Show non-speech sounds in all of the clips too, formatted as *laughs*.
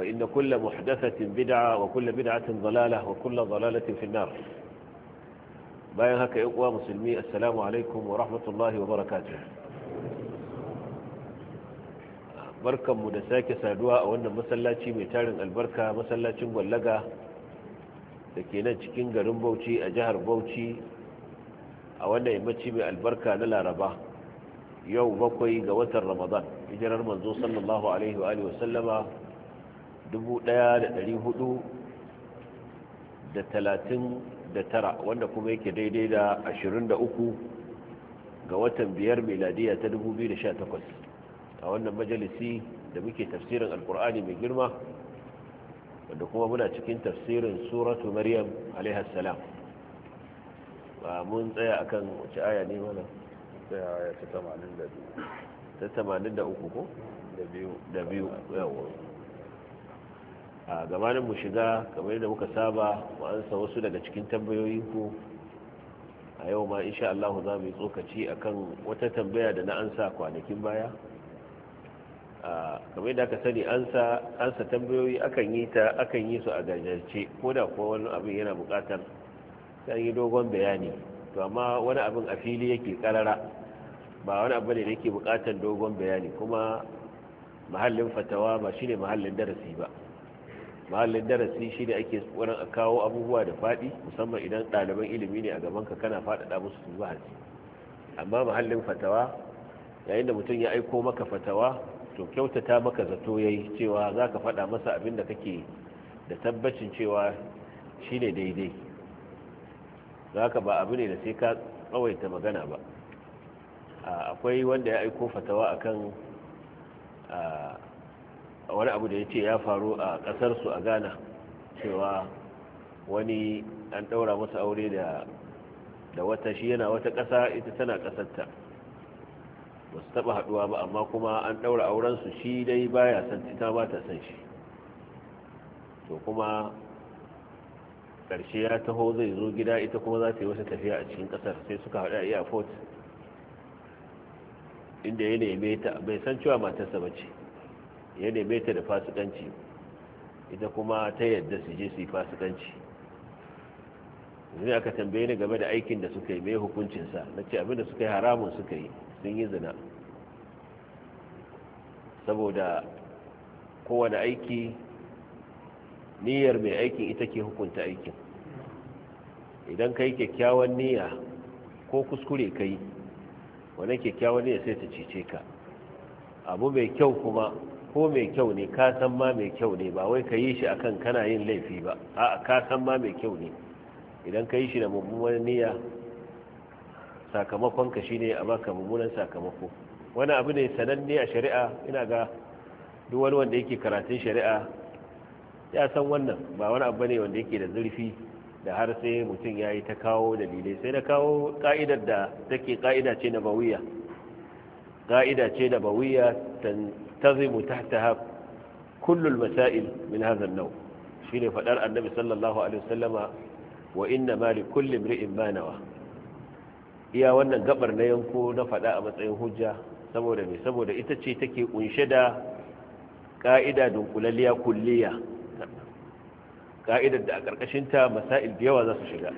فإن كل محدثة بدعة وكل بدعة ضلالة وكل ضلالة في النار باين هكا إقوى مسلمي السلام عليكم ورحمة الله وبركاته barkan mu da sake saduwa a wannan masallaci mai tarin albarka masallacin gwallaga da ke nan cikin garin bauchi a jihar bauchi a wannan mai albarka na laraba yau bakwai ga watan ramadan hijirar manzo sallallahu alaihi wa sallama tara wanda kuma yake daidai da ashirin da uku ga watan biyar meladiya ta dubu biyu da sha takwas a wannan majalisi da muke tafsirin alkur'ani mai girma wanda kuma muna cikin tafsirin suratu maryam alaihassalam ba mun tsaya a kan wace aya ne mana tsaya aya ta 82 ta 83 ko? da biyu da biyu a gabanin mu shiga kamar yadda muka saba mu ansa wasu daga cikin tambayoyinku a yau ma insha Allah za mu yi tsokaci akan wata tambaya da na ansa kwanakin baya kamar yadda aka sani ansa ansa tambayoyi akan yi ta akan yi su a gajarce ko da kuwa wani abin yana buƙatar sai yi dogon bayani to amma wani abin a fili yake karara ba wani abu ne da yake buƙatar dogon bayani kuma mahallin fatawa ba shine mahallin darasi ba mahallin darasi shi da ake wurin a kawo abubuwa da faɗi musamman idan ɗaliban ilimi ne a gaban ka kana faɗaɗa musu su zuwa amma mahallin fatawa yayin da mutum ya aiko maka fatawa to kyautata maka zato ya cewa za ka faɗa masa abin da kake da tabbacin cewa shi ne daidai za ka ba abu ne da sai ka tsawaita magana ba akwai wanda ya aiko fatawa akan wani abu da ya ce ya faru a ƙasarsu a ghana cewa wani an ɗaura masa aure da da wata shi yana wata ƙasa ita tana ƙasarta ba su taɓa haɗuwa ba amma kuma an ɗaura aurensu shi dai baya san ita ba ta san shi to kuma ƙarshe ya taho zai zo gida ita kuma za ta yi wata tafiya a cikin ƙasar sai suka haɗu a airport inda ya neme ta bai san cewa matarsa ba ce ya neme ta da fasikanci ita kuma ta yadda su je su yi fasikanci zai aka tambaye ni game da aikin da suka yi mai hukuncinsa na ce abinda suka yi haramun suka yi sun yi zina saboda kowane aiki niyyar mai aikin ita ke hukunta aikin idan ka yi kyakkyawan niyya ko kuskure ka yi wane kyakkyawan niyya sai ta cice ka abu mai kyau kuma ko mai kyau ne ka san ma mai kyau ne ba wai ka yi shi akan kana yin laifi ba 'a ka san ma mai kyau ne idan ka yi shi da mummunan niyya sakamakon ka shine a baka mummunan sakamako wani abu ne sananne a shari'a ina ga duk wani wanda yake karatun shari'a ya san wannan ba wani abu ne wanda yake da zurfi da har sai mutum ya yi ta kawo dalilai sai na kawo ka'idar da take ka'ida ce na bawiya ka'ida ce da bawiya tazimu tahtaha kullul masail min hadha an-naw shine faɗar annabi sallallahu wa inna mali li kulli imri'in iya wannan gabar na yanko na fada a matsayin hujja saboda me saboda ita ce take kunshe da ka'ida dunkulaliya kulliya ka'idar da a ƙarƙashin ta masail da yawa za su shiga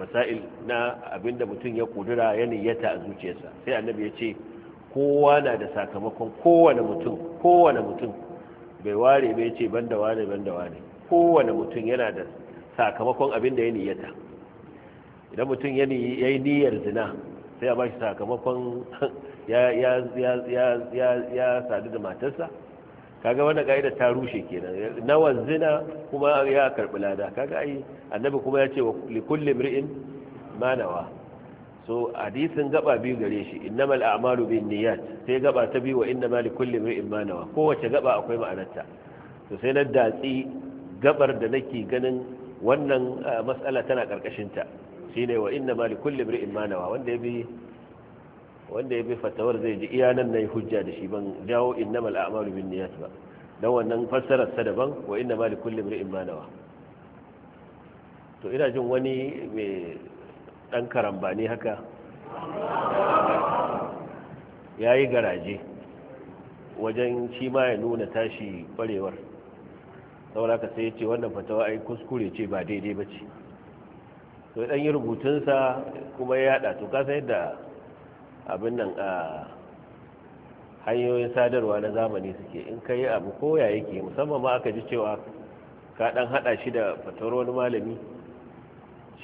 masail na abinda mutum ya ƙudira ya niyyata a zuciyarsa sai annabi ya ce kowa na da sakamakon kowane mutum kowane mutum bai ware bai ce banda wane banda wane kowane mutum yana da sakamakon abin da ya niyyata idan mutum ya yi niyyar zina sai ya ba shi sakamakon *laughs* ya sadu da matarsa kaga wanda ka'ida ta rushe kenan nawa zina kuma ya karbi lada kaga ai annabi kuma ya ce wa likulli mri'in ma so hadisin gaba biyu gare shi innamal a'malu bin niyyat sai gaba ta biyu wa innamal likulli imrin ma nawa kowace gaba akwai ma'anarta to sai na datsi gabar da nake ganin wannan mas'ala tana karkashin ta shine wa innamal likulli imrin ma nawa wanda ya bi wanda ya bi fatawar zai ji iya nan nayi hujja da shi ban dawo innamal a'malu bin niyyat ba dan wannan fassarar sa daban wa innamal likulli imrin ma nawa to ina jin wani mai ɗan ne haka ya yi garaje wajen shi ma ya nuna tashi ɓarewar saura ka sai ce wannan fatawa ai kuskure ce ba daidai ba ce to ɗan yi rubutunsa kuma ya yada to kasa yadda abin nan a hanyoyin sadarwa na zamani suke in ka yi abu koya yake musamman ma aka ji cewa ka ɗan haɗa shi da fatawar wani malami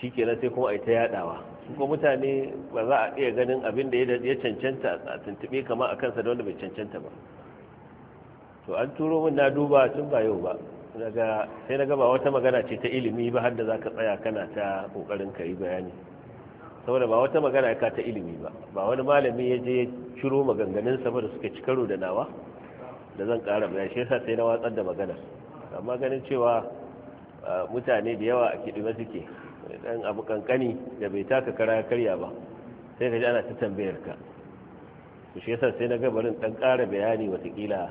shi kenan sai kuma a yi ta yadawa ko mutane ba za a iya ganin abin da ya cancanta a tuntube kama a kansa da wanda bai cancanta ba to an turo min na duba tun ba yau ba sai na gaba wata magana ce ta ilimi ba har da za ka tsaya kana ta kokarin ka yi bayani saboda ba wata magana ka ta ilimi ba ba wani malami ya je ciro maganganun sa da suka ci karo da nawa da zan kara bayani shi yasa sai na watsar da magana amma ganin cewa ah, mutane da yawa a kiɗi suke dan abu kankani da bai taka kara karya ba sai ka ji ana ta tambayar ka to shi yasa sai na ga barin dan kara bayani watakila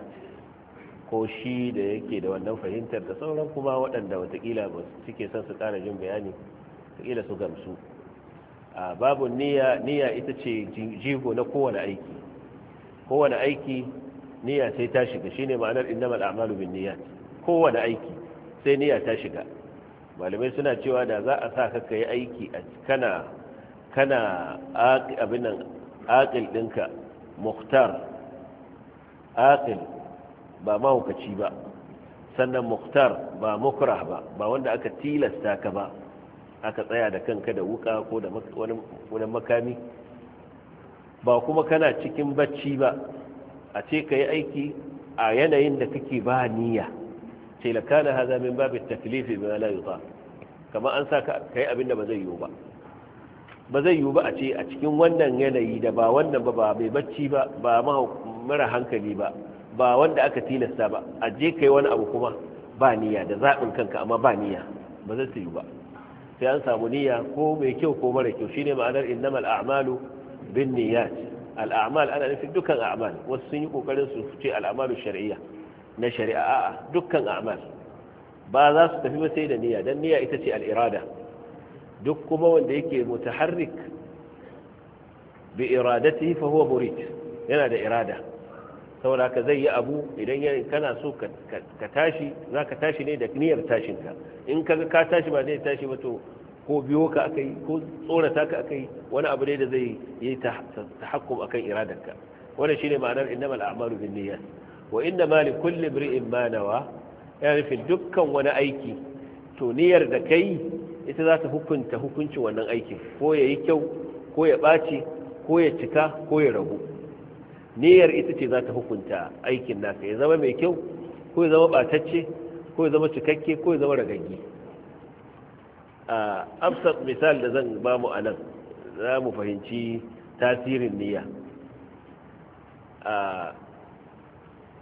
ko shi da yake da wannan fahimtar da sauran kuma waɗanda watakila ba suke son su ƙara jin bayani watakila su gamsu a babu niyya niyya ita ce jigo na kowane aiki kowane aiki niyya sai ta shiga shine ma'anar innamal a'malu bin niyyat kowane aiki sai niyya ta shiga malamai suna cewa da za a sa ka kai aiki a kana kana abin nan aqil dinka muhtar aqil ba mahaukaci ba sannan muhtar ba mukrah ba ba wanda aka tilasta ka ba aka tsaya da kanka da wuka ko da wani makami ba kuma kana cikin bacci ba a ce ka aiki a yanayin da kake ba niyya ce la kana hadha min bab at-taklif bima la yuta kamar an saka kai abinda ba zai yiwu ba ba zai yiwu ba a ce a cikin wannan yanayi da ba wannan ba ba mai bacci ba ba mara hankali ba ba wanda aka tilasta ba a je kai wani abu kuma ba niyya da zaɓin kanka amma ba niyya ba zai yiwu ba sai an samu niyya ko mai kyau ko mara kyau shine ma'anar innamal a'malu bin niyyat al'amal ana nufin dukkan a'mal wasu sun yi kokarin su ce al'amalu shar'iyya na shari'a a'a dukkan a'mal ba za su tafi ba sai da niyya dan niyya ita ce al'irada. duk kuma wanda yake mutaharrik bi iradatihi fa huwa murid yana da irada saboda haka zai yi abu idan yana kana so ka tashi za ka tashi ne da niyyar tashinka in kaga ka tashi ba zai tashi ba to ko biyo ka aka ko tsorata ka aka wani abu ne da zai yi ta akan iradarka wannan shine ma'anar innamal a'malu bin niyyat wa inna ma li kulli mri'in ma nawa ya nufin dukkan wani aiki to niyyar da kai ita za ta hukunta hukuncin wannan aiki ko ya yi kyau ko ya ɓaci ko ya cika ko ya ragu niyyar ita ce za ta hukunta aikin naka ya zama mai kyau ko ya zama ɓatacce ko ya zama cikakke ko ya zama ragagge a misal da zan ba mu a nan za mu fahimci tasirin niyya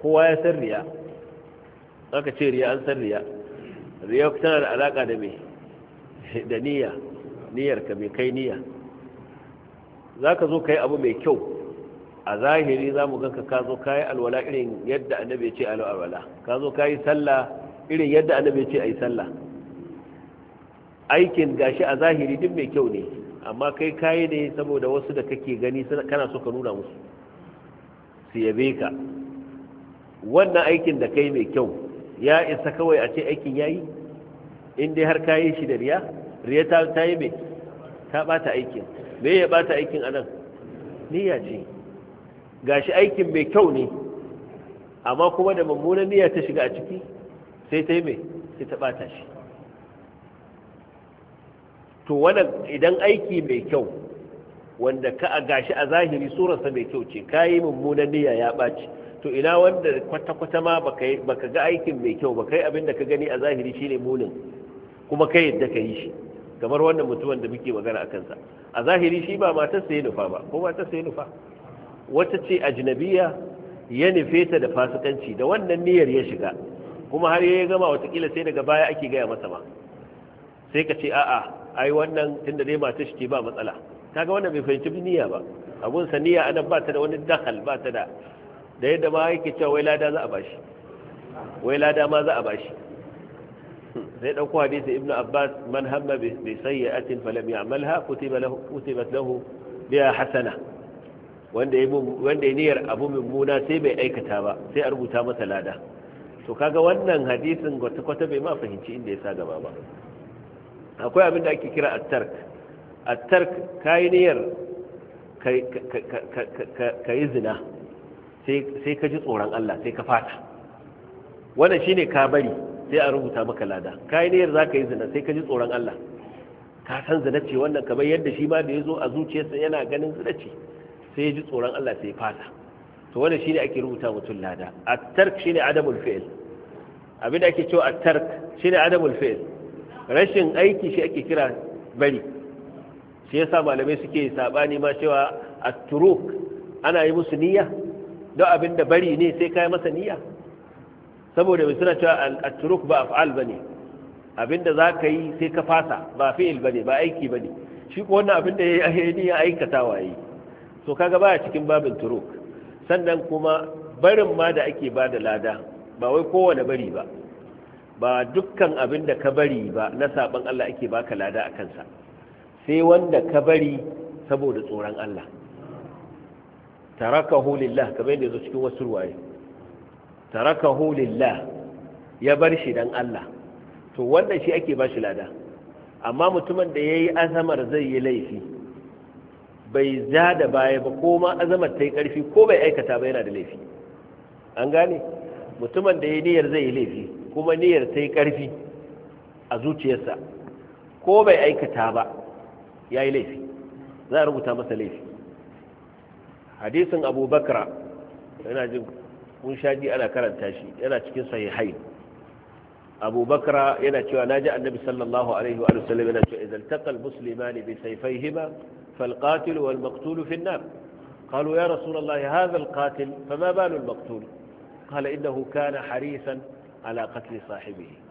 kowa ya san riya aka ce riya an san riya riya tana da alaka da me da niyya niyyar ka mai kai niyya za ka zo ka yi abu mai kyau a zahiri za mu ganka ka zo ka yi alwala irin yadda annabi ya ce alwala ka zo ka yi sallah irin yadda annabi ya ce a yi sallah aikin gashi a zahiri duk mai kyau ne amma kai kayi ne saboda wasu da kake gani kana so ka nuna musu su yabe ka wannan aikin da kai mai kyau ya isa kawai a ce aikin ya yi inda har ka yi shi da riya riya ta yi mai ta bata aikin me ya bata aikin anan niyya ce gashi aikin mai kyau ne amma kuma da mummunan niyya ta shiga a ciki sai ta yi mai sai ta bata shi to wannan idan aiki mai kyau wanda ka a gashi a zahiri surarsa mai kyau ce kayi mummunan niyya ya ɓaci to ina wanda kwata-kwata ma baka ga aikin mai kyau ba yi abin da ka gani a zahiri shine munin kuma kai yadda ka yi shi kamar wannan mutumin da muke magana a kansa a zahiri shi ba matarsa ya nufa ba ko matarsa ya nufa wata ce ajnabiya ya nufe ta da fasikanci da wannan niyyar ya shiga kuma har ya gama watakila sai daga baya ake gaya masa ma sai ka ce a'a ai wannan tunda dai matar shi ce ba matsala kaga wannan bai fahimci niyya ba abun Saniya niyya anan ba ta da wani dakal ba ta da da yadda ma yake cewa wai lada za a bashi wai lada ma za a bashi sai dauko hadisi ibnu abbas man hamma bi sayyi'atin falam ya'malha kutiba lahu kutibat lahu biha hasana wanda ya wanda niyyar abu mummuna sai bai aikata ba sai a rubuta masa lada to kaga wannan hadisin kwata-kwata bai ma fahimci inda ya sa gaba ba akwai abin da ake kira at-tark at-tark kayi niyyar ka yi zina sai ka ji tsoron Allah sai ka fata wannan shine ka bari sai a rubuta maka lada kai ne za ka yi zina sai ka ji tsoron Allah ka san zina ce wannan kamar yadda shi ma da ya zo a zuciyarsa yana ganin zina ce sai ya ji tsoron Allah sai ya fata to wannan shine ake rubuta mutum lada at-tark shine adamul fi'l abin da ake cewa at-tark shine adamul fi'l rashin aiki shi ake kira bari shi yasa malamai suke sabani ma cewa at-turuk ana yi musu niyya don abin da bari ne sai kai masa niyya saboda mai suna cewa al-turuk ba af'al bane abin da zaka yi sai ka fasa ba fi'il bane ba aiki bane shi ko wannan abin da yayi ya aikata waye so kaga baya cikin babin turuk sannan kuma barin ma da ake ba da lada ba wai kowane bari ba ba dukkan abin da ka bari ba na saban Allah ake baka lada a kansa sai wanda ka bari saboda tsoron Allah tarakahu lillah kamar yadda zo cikin wasu ruwaye tarakahu lillah ya bar shi dan Allah to wannan shi ake bashi lada amma mutumin da yayi azamar zai yi laifi bai za da baya ba ko ma azamar ta yi ƙarfi ko bai aikata ba yana da laifi an gane mutumin da ya niyyar zai yi laifi kuma niyyar ta yi ƙarfi a zuciyarsa ko bai aikata ba ya yi laifi za a rubuta masa laifi hadisin abu bakra yana jin mun shaji ana karanta shi yana cikin sahihai abu bakra yana cewa na ji annabi sallallahu alaihi wa sallam yana cewa idan taqal muslimani bi sayfayhima fal qatil wal maqtul fi an-nar qalu ya rasul hadha al qatil fama balu al maqtul qala innahu kana harisan ala qatl sahibihi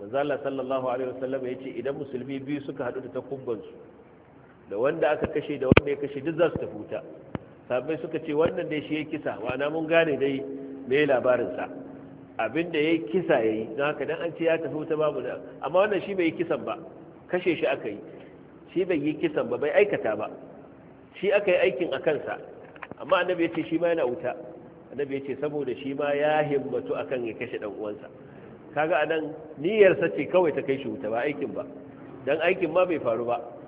manzo sallallahu alaihi wa sallam yace idan musulmi biyu suka hadu da su da wanda aka kashe da wanda ya kashe duk za su tafi wuta sabai suka ce wannan dai shi ya kisa wana mun gane dai me labarinsa abinda ya kisa ya yi don haka dan an ce ya tafi wuta babu da amma wannan shi bai yi kisan ba kashe shi aka yi shi bai yi kisan ba bai aikata ba shi aka yi aikin a kansa amma annabi ya ce shi ma yana wuta annabi ya ce saboda shi ma ya himmatu akan ya kashe dan uwansa kaga anan niyyarsa ce kawai ta kai shi wuta ba aikin ba dan aikin ma bai faru ba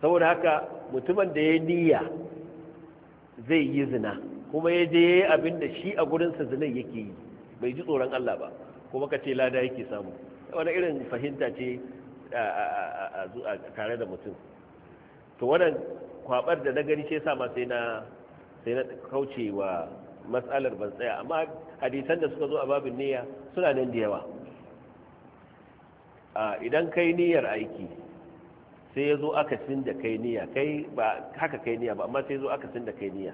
saboda haka mutumin da ya niyya zai yi zina kuma ya je ya yi abin da shi a gurinsa zinai yake yi bai ji tsoron Allah ba kuma ka ce lada yake samu wani irin fahimta ce a tare da mutum to wannan kwabar da na gani ce sa ma sai na sai na kauce wa matsalar ban tsaya amma hadisan da suka zo a babin niyya suna nan da yawa idan kai niyyar aiki sai ya zo akasin da kai niyya kai ba haka kai niyya ba amma sai ya zo akasin da kai niyya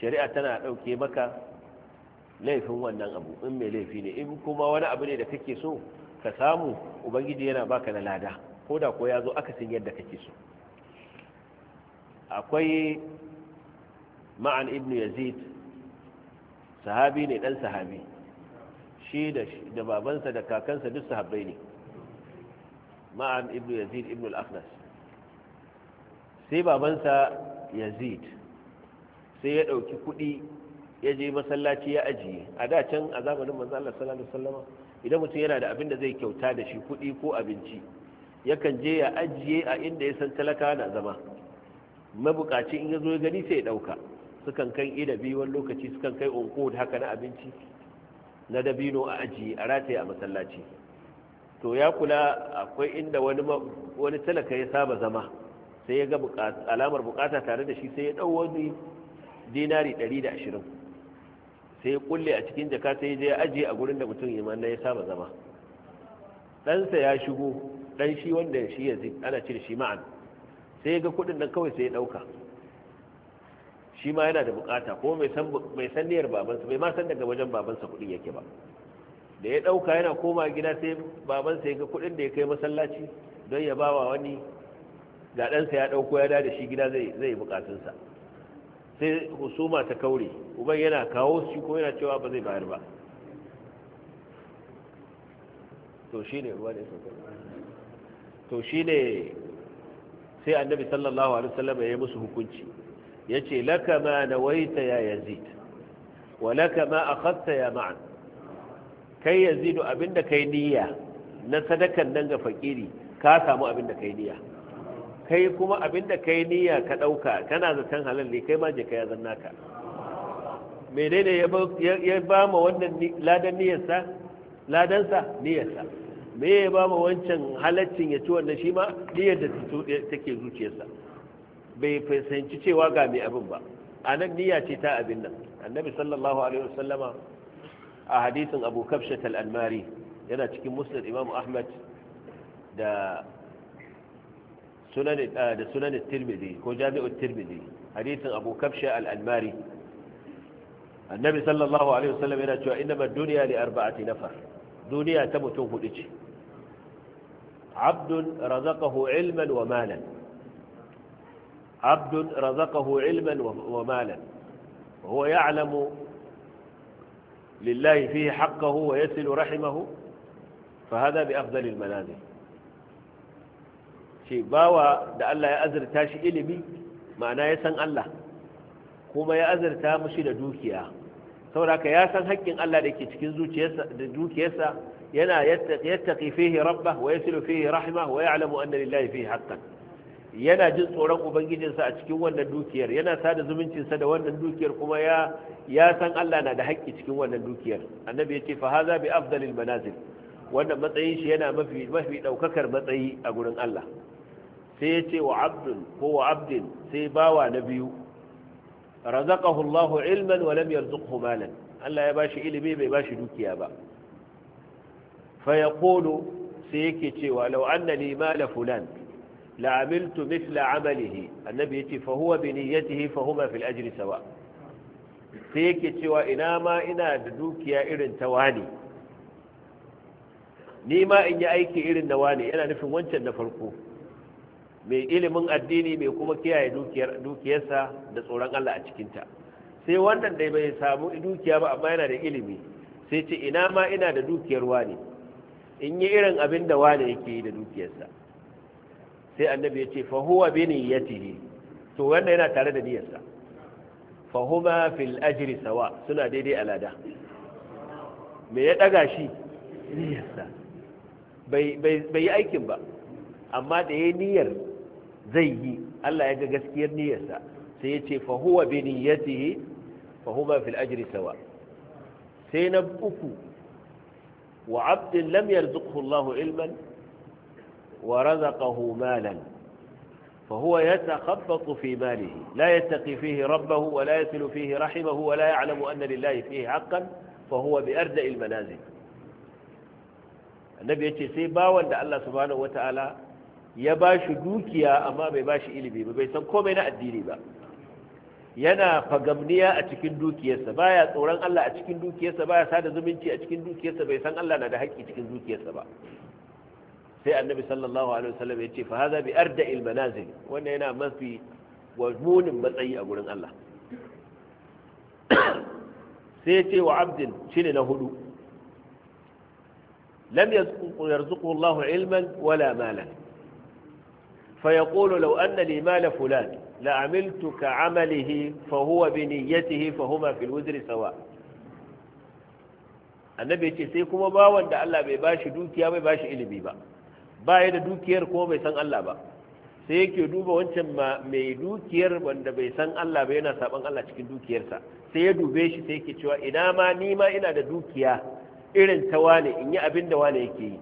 shari'a tana ɗauke maka laifin wannan abu in mai laifi ne in kuma wani abu ne da kake so ka samu ubangiji yana baka na lada ko da ko ya zo akasin yadda kake so akwai ma'an ibnu yazid sahabi ne dan sahabi shi da babansa da kakansa duk sahabbai ne ma'an Ibnu yazid ibn al aqnas sai babansa yazid sai ya ɗauki kuɗi ya je masallaci ya ajiye a da can a zamanin manzo Allah sallallahu alaihi wasallam idan mutum yana da abin da zai kyauta da shi kuɗi ko abinci yakan je ya ajiye a inda ya san talaka na zama mabukaci in ya zo ya gani sai ya ɗauka sukan kai ida biyu wani lokaci sukan kai unko haka na abinci na dabino a ajiye a rataye a masallaci to ya kula akwai inda wani wani talaka ya saba zama sai ya ga alamar bukata tare da shi sai ya dau wani dinari 120 sai ya kulle a cikin jaka sai ya je ya aje a gurin da mutum iman ya saba zama ɗansa ya shigo ɗan shi wanda shi yanzu ana cire shi ma'an sai ya ga kuɗin nan kawai sai ya ɗauka shi ma yana da bukata ko mai san niyyar babansa bai ma san daga wajen babansa kuɗin yake ba da ya ɗauka yana koma gida sai baban sai ga kuɗin da ya kai masallaci don ya bawa wani ga ɗansa ya ɗauko ya da shi gida zai zai bukatunsa sai husuma ta kaure uban yana kawo shi ko yana cewa ba zai bayar ba to shi ne ruwa ne to sai annabi sallallahu alaihi wasallam ya yi musu hukunci ya ce laka ma nawaita ya yazid wa laka ma akhadta ya ma'an kai yazidu da kai niyya na sadakan nan ga fakiri ka samu abin da kai niyya kai kuma abin da kai niyya ka dauka kana zaton halal ne kai ma je ka yazan naka menene ya ba mu wannan ladan niyyarsa niyyarsa me ya ba ma wancan halaccin ya ci wannan shi ma niyyar da take zuciyarsa bai fahimci cewa ga mai abin ba a niyya ce ta abin nan annabi sallallahu alaihi wasallama a hadisin abu kafshat al'almari yana cikin muslim imam ahmad da sunan tirmidhi ko jami'ar tirmidhi hadisin abu kafshat al'almari annabi sallallahu alaihi wasallam yana cewa ma duniya li arba'ati nafar duniya ta mutum hudu ce abdun razaqahu ilman wa malan عبد رزقه علما ومالا وهو يعلم lillahi fihi haqqahu wa yasilu rahimahu fa hada bi afdalil manazil da Allah ya azurta shi ilimi ma'ana ya san Allah kuma ya azurta mushi da dukiya saboda ya san hakkin Allah da ke cikin zuciyarsa dukiyarsa yana yattaqi fihi wa yasilu fihi wa anna lillahi yana jin tsoron ubangijinsa a cikin wannan dukiyar yana sada zumuncinsa da wannan dukiyar kuma ya ya san Allah na da haƙƙi cikin wannan dukiyar annabi yace fa haza bi afdalil manazil wannan matsayin shi yana mafi mafi daukakar matsayi a gurin Allah sai yace wa abdun ko wa abdin sai bawa na biyu razaqahu Allahu ilman wa lam yarzuqhu malan Allah ya bashi ilimi bai bashi dukiya ba fa yaqulu sai yake cewa law anna li mala fulan لعملت مثل عمله annabi yace فهو بنيته فهما في الأجر سواء fil ajri sawa sai yake cewa ina ma ina da dukiya irin ta wani ni ma in yi aiki irin nufin wancan na farko mai ilimin addini mai kuma kiyaye dukiyarsa da tsoron Allah a cikinta sai wannan dai bai samu dukiya ba amma yana da ilimi sai ce ina ma ina da dukiyar wani in yi irin abin da wani yake yi da dukiyarsa sai annabi ya ce fa bi niyyatihi to wanda yana tare da niyyarsa Fahuma fil ajri sawa suna daidai alada me ya daga shi niyyarsa bai bai yi aikin ba amma da yayi niyyar zai yi Allah ya ga gaskiyar niyyarsa sai ya ce fa bi niyyatihi fa fil ajri sawa sai na uku wa abdin lam yarzuqhu Allahu ilman ورزقه مالا فهو يتخبط في ماله لا يتقي فيه ربه ولا يصل فيه رحمه ولا يعلم أن لله فيه حقا فهو بأردأ المنازل النبي يتسي باوان دا الله سبحانه وتعالى يباش دوكيا أما بباش إلبي ببيتن كومينا الديني با ينا فقمنيا أتكين دوكيا سبايا طوران الله أتكين دوكيا سبايا سادة زمينتي أتكين دوكيا سبايا سان الله نادا هيك أتكين دوكيا سبايا sai annabi sallallahu alaihi wasallam ya ce fa hadha bi arda'il manazil wanda yana mafi munin matsayi a gurin Allah *coughs* sai ya ce wa abdin shine na hudu lam yarzuqu Allah ilman wala malan فيقول لو أن ka مال فلان لعملت كعمله فهو بنيته فهما في الوزر سواء annabi ce sai kuma bawan da Allah bai bashi dukiya bai bashi ilimi ba ba ya da dukiyar ko bai san Allah ba sai yake duba wancan mai dukiyar wanda bai san Allah ba yana saban Allah cikin dukiyarsa sai ya dube shi sai yake cewa ina ma ni ma ina da dukiya irin ta wane in yi abin da wane yake yi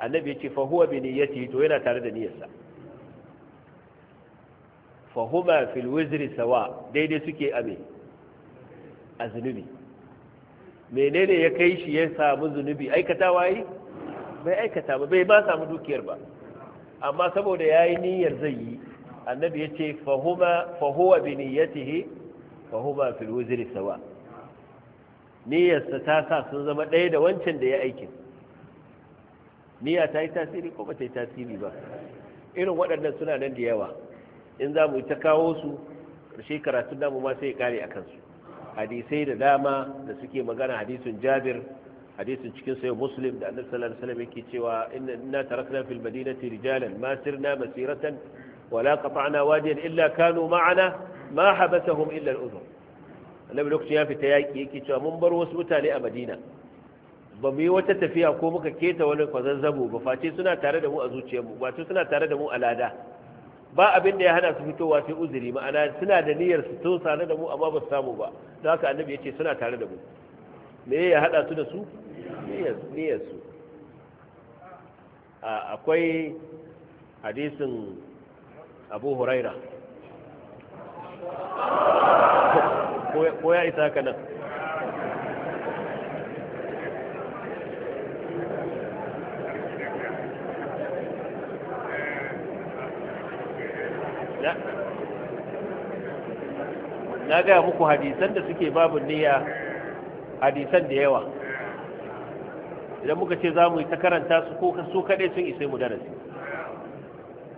annabi ya ce fa huwa bi niyyati to yana tare da niyyarsa fa huma fil wizri sawa daidai suke ame a zunubi menene ya kai shi ya samu zunubi aikatawa yi bai aikata ba bai ba samu dukiyar ba amma saboda yayi niyyar zai yi annabi ya ce, fahuwa bi niyyatihi fahuma fil wuzri sawa niyyarsa ta sa sun zama ɗaya da wancan da ya aikin niyya ta yi tasiri ko ba ta yi tasiri ba irin waɗannan suna nan da yawa in za mu ta kawo su ƙarshe karatun namu ma sai ya kare a kansu hadisai da dama da suke magana hadisun jabir hadisin cikin sai muslim da annabi sallallahu alaihi wasallam yake cewa inna tarakna fil madinati rijalan ma sirna masiratan wala qata'na wadiyan illa kanu ma'ana ma habasahum illa al-udhur annabi lokacin ya fita yaki yake cewa mun bar wasu mutane a madina ba mu yi wata tafiya ko muka keta wani kwazazzabo ba face suna tare da mu a zuciyarmu ba suna tare da mu a lada ba abin da ya hana su fitowa sai uzuri ma'ana suna da niyyar su tun tare da mu amma ba su samu ba don haka annabi ya ce suna tare da mu me ya hada su da su niyyarsu akwai hadisin abu huraira ko ya isa ka nan na gaya muku hadisan da suke babu niyya hadisan da yawa idan muka ce za mu yi ta karanta su ko su kaɗai sun isai mu darasi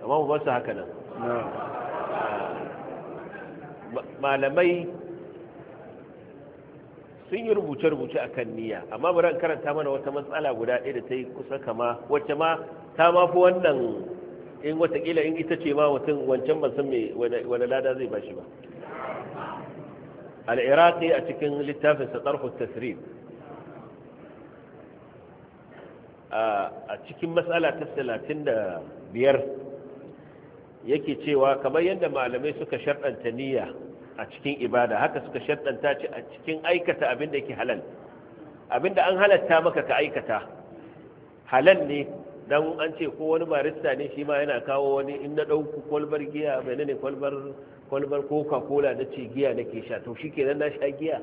amma mu basu haka nan malamai sun yi rubuce-rubuce a kan niyya amma mu ran karanta mana wata matsala guda ɗaya da ta yi kusa kama wacce ma ta mafi wannan in watakila in ita ce ma mutum wancan ban san wani lada zai ba shi ba al-iraqi a cikin littafin sa tsarhu tasirin a cikin matsala ta talatin da biyar yake cewa kamar yadda malamai suka sharɗanta niyya a cikin ibada haka suka sharɗanta ci a cikin aikata abin da yake halal abin da an halatta maka ka aikata halal ne don an ce ko wani barista ne shi ma yana kawo wani in na ɗauku kwalbar giya mai ne kwalbar kwalbar coca cola na ce giya ke sha to shi nan na sha giya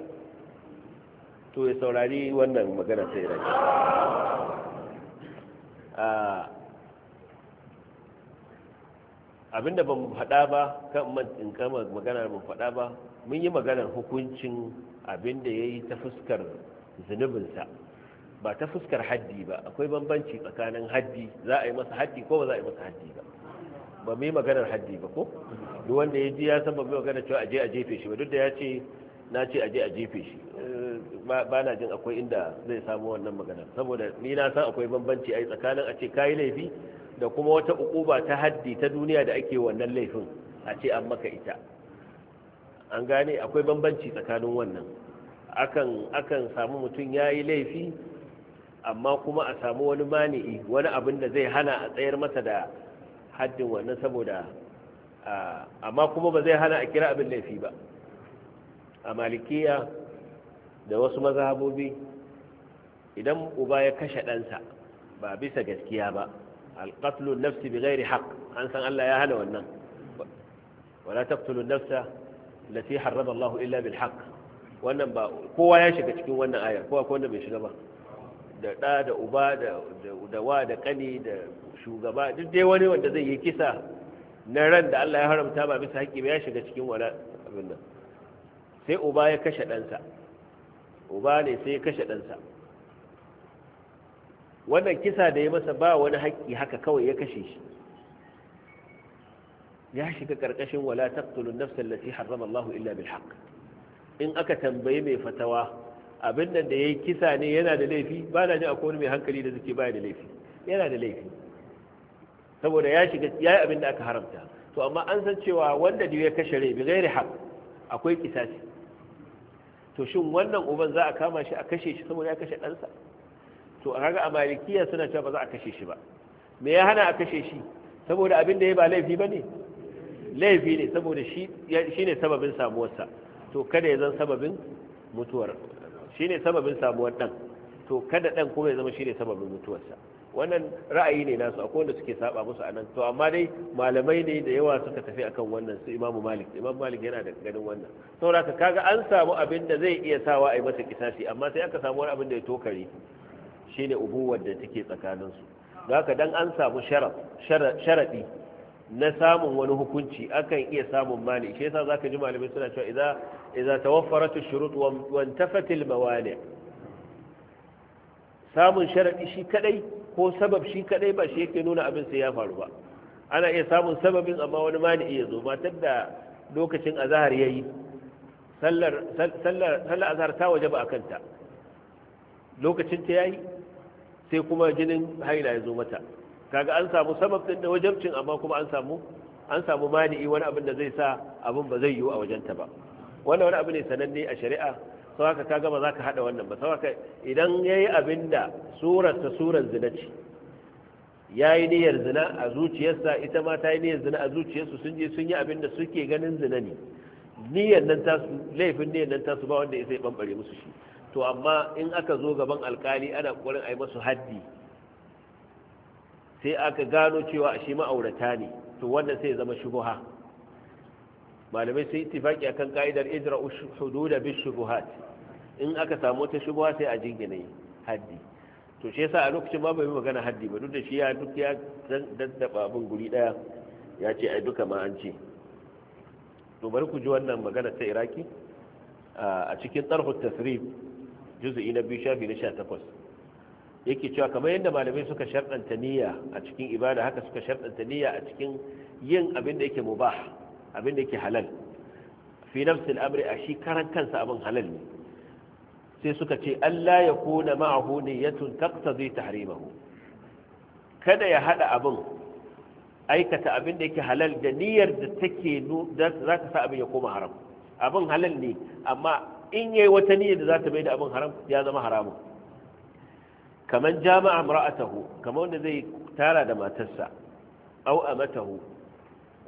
to ya saurari wannan magana sai rage abinda ban faɗa ba kan in kama magana ban faɗa ba mun yi maganar hukuncin abinda ya yi ta fuskar zunubinsa ba ta fuskar haddi ba akwai bambanci tsakanin haddi za a yi masa haddi ko ba za a yi masa haddi ba ba mu yi maganar haddi ba ko duk wanda ya ji ya san ba mu yi maganar cewa aje a jefe shi ba duk da ya ce na ce aje a jefe shi ba na jin akwai inda zai samu wannan magana saboda ni na san akwai bambanci yi tsakanin a ce kayi laifi da kuma wata ukuba ta haddi ta duniya da ake wannan laifin a ce an maka ita an gane akwai bambanci tsakanin wannan akan akan samu mutum ya yi laifi amma kuma a samu wani mani'i wani abin da zai hana a tsayar masa da haddin wannan saboda amma kuma ba zai hana a kira abin laifi ba a malikiya da wasu mazhabobi idan uba ya kashe ɗansa ba bisa gaskiya ba alƙatlun nafsi bi gairi haƙ an san Allah ya hana wannan wala taqtulun nafsa lati harrama Allah illa bil haqq wannan ba kowa ya shiga cikin wannan ayar kowa ko wanda bai shiga ba da ɗa da uba da wa da kani da shugaba duk dai wani wanda zai yi kisa na ran da Allah ya haramta ba bisa haƙƙi ba ya shiga cikin wala abin nan sai uba ya kashe ɗansa uba ne sai ya kashe ɗansa wannan kisa da ya masa ba wani haƙƙi haka kawai ya kashe shi ya shiga ƙarƙashin wala taqtulun nafsal lati harrama Allahu illa bil haqq in aka tambaye mai fatawa abin nan da yayi kisa ne yana da laifi ba na ji akwai wani mai hankali da zai baya da laifi yana da laifi saboda ya shiga ya yi abin da aka haramta to amma an san cewa wanda da ya kashe rai bi ghairi haqq akwai kisa ce. to shin wannan uban za a kama shi a kashe shi saboda ya kashe ɗansa to a kaga a malikiya suna cewa ba za a kashe shi ba me ya hana a kashe shi saboda abin da ya ba laifi ba ne laifi ne saboda shi ne sababin samuwarsa to kada ya zan sababin mutuwar shi ne sababin samuwar ɗan to kada ɗan kuma ya zama shi ne sababin mutuwarsa wannan ra'ayi ne nasu akwai wanda suke saba musu anan to amma dai malamai ne da yawa suka tafi akan wannan su imamu malik imamu malik yana da ganin wannan saboda kaga an samu abin da zai iya sawa a yi masa kisasi amma sai aka samu wani abin da ya tokare shine ubuwar da take tsakanin su haka dan an samu sharaf sharadi na samun wani hukunci akan iya samun mali shi yasa zaka ji malamai suna cewa idza idza tawaffarat ash-shurut wa intafat al-mawani' samun sharadi shi kadai ko sabab shi kadai ba shi yake nuna abin sai ya faru ba ana iya samun sababin amma wani mani iya zo matar da lokacin azahar yayi sallar sallar azahar ta waje ba a kanta lokacin ta yayi sai kuma jinin haila ya zo mata kaga an samu sabab din da wajabcin amma kuma an samu an samu mani'i wani abin da zai sa abin ba zai yiwu a wajenta ba wannan wani abu ne sananne a shari'a sau haka kaga ba za ka haɗa wannan ba sau haka idan ya yi abin da surarsa surar zina ce ya yi niyyar zina a zuciyarsa ita ma ta yi niyyar zina a zuciyarsu sun je sun yi abin da suke ganin zina ne niyyar nan su laifin niyyar nan ta su ba wanda ya sai ɓanɓare musu shi to amma in aka zo gaban alkali ana kokarin a yi masu haddi sai aka gano cewa a shi ma'aurata ne to wannan sai zama shubuha malamai sai ittifaki akan ka'idar ijra hududa bi shubuhat in aka samu ta shubuha sai a jingine haddi to shi yasa a lokacin ma bai magana haddi ba duk da shi ya duk ya daddaba abin guri daya ya ce ai duka ma an ce to bari ku ji wannan magana ta iraki a cikin tarhu tasrif juz'i na biyu shafi na 18 yake cewa kamar yadda malamai suka sharɗanta niyya a cikin ibada haka suka sharɗanta niyya a cikin yin abin da yake mubah abin da ke halal fi nafsil amri a shi karan kansa abin halal ne sai suka ce Allah ya kona ma'ahu niyyatun zai tahrimahu kada ya hada abin aikata abin da ke halal da niyyar da take za ta sa abin ya koma haram abin halal ne amma in yayi wata niyyar da za ta bai da abin haram ya zama haramun kaman jama'a imra'atahu kamar wanda zai tara da matarsa aw amatahu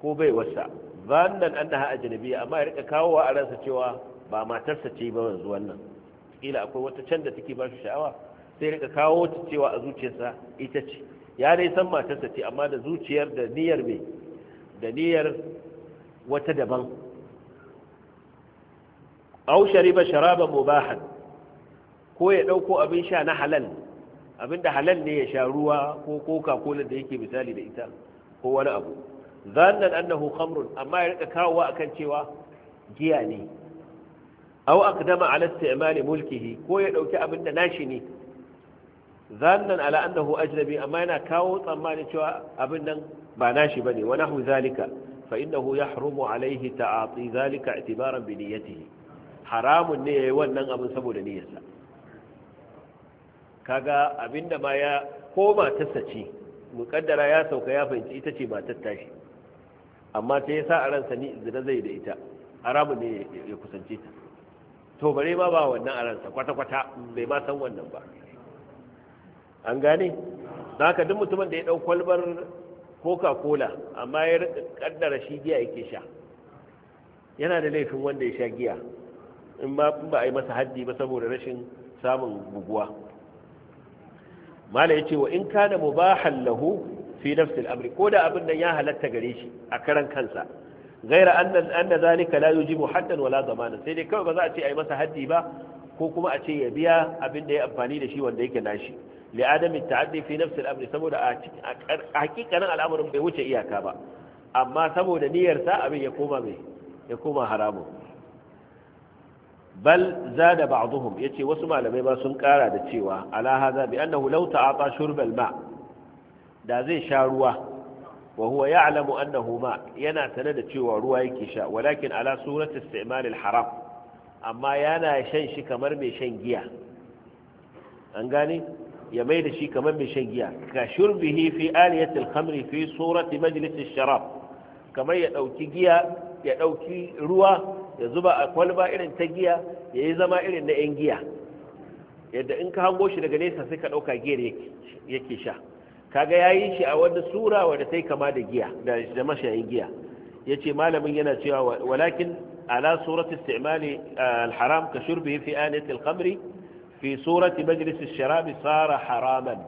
ko bai wasa zannan annaha ajnabiyya amma ya rika kawowa a ransa cewa ba matarsa ce ba yanzu wannan kila akwai wata can da take ba shi sha'awa sai rika kawo ta cewa a zuciyarsa ita ce ya dai san matarsa ce amma da zuciyar da niyyar mai da niyyar wata daban au shariba sharaba mubahan ko ya dauko abin sha na halal abinda halal ne ya sha ruwa ko coca cola da yake misali da ita ko wani abu zannan annahu khamrun amma ya rika kawowa akan cewa giya ne aw aqdama ala isti'mali mulkihi ko ya dauki abin da nashi ne zannan ala annahu ajnabi amma yana kawo tsammani cewa abin nan ba nashi bane wa nahu zalika fa innahu yahrumu alayhi ta'ati zalika i'tibaran bi niyyatihi haramun ne yayi wannan abin saboda niyyarsa kaga abinda ma ya koma ta sace mukaddara ya sauka ya fahimci ita ce matar tashi amma ta sa a ransa ni zina zai da ita haramun ne ya kusance ta to bare ma ba wannan a ransa kwata-kwata bai ma san wannan ba an gane za ka duk mutumin da ya ɗau kwalbar coca-cola amma ya kaddara shi giya yake sha yana da laifin wanda ya sha giya in ba a yi masa haddi ba saboda rashin samun buguwa mala ya ce wa in kana mubahan lahu fi amri ko da abin nan ya halatta gare shi a karan kansa gaira annan anna zalika la yujibu haddan wala zamanin sai dai kawai ba za a ce yi masa haddi ba ko kuma a ce ya biya abin da ya amfani da shi wanda yake nashi li adami ta'addi fi nafsi al-amri saboda a hakikanin al'amarin bai wuce iyaka ba amma saboda niyyarsa abin ya koma mai ya koma haramu bal zada ba'dhum yace wasu malamai ba sun kara da cewa ala hadha bi annahu law ta'ata shurb ma da zai sha ruwa wa huwa ya'lamu annahu ma yana tare da cewa ruwa yake sha walakin ala surati istimal al-haram amma yana shan shi kamar mai shan giya an gane ya mai da shi kamar mai shan giya ka shurbihi fi aliyati al-khamri fi surati majlis al kamar ya dauki giya ya dauki ruwa ya zuba a kwalba irin ta giya ya yi zama irin na 'yan giya yadda in ka hango shi daga nesa sai ka ɗauka giyar yake sha kaga yayi shi a wanda sura ta sai kama da giya da mashayin giya ce malamin yana cewa walakin ala surat istimali al-haram ka shurbi fi anati fi surati majlis ash sara haraman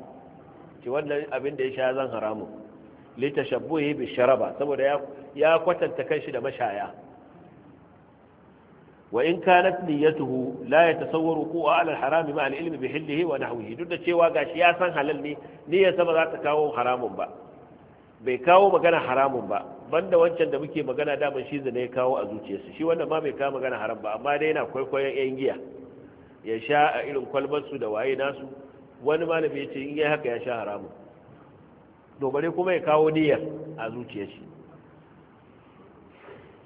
ci wannan abin da ya sha zan haramu litashabbuhi bi sharaba saboda ya kwatanta kanshi da mashaya wa in kanat niyyatuhu la yatasawwaru qu'u ala al-haram ma al-ilm bi hillihi wa nahwihi duk da cewa gashi ya san halal ne niyyar sa ba za ta kawo haramun ba bai kawo magana haramun ba banda wancan da muke magana daman shi zane ya kawo a zuciyarsa shi wannan ma bai kawo magana haram ba amma dai yana kwaikwayon yan giya ya sha a irin kwalbarsu da waye nasu wani malami ya ce in yi haka ya sha haramun dogare kuma ya kawo niyyar a zuciyar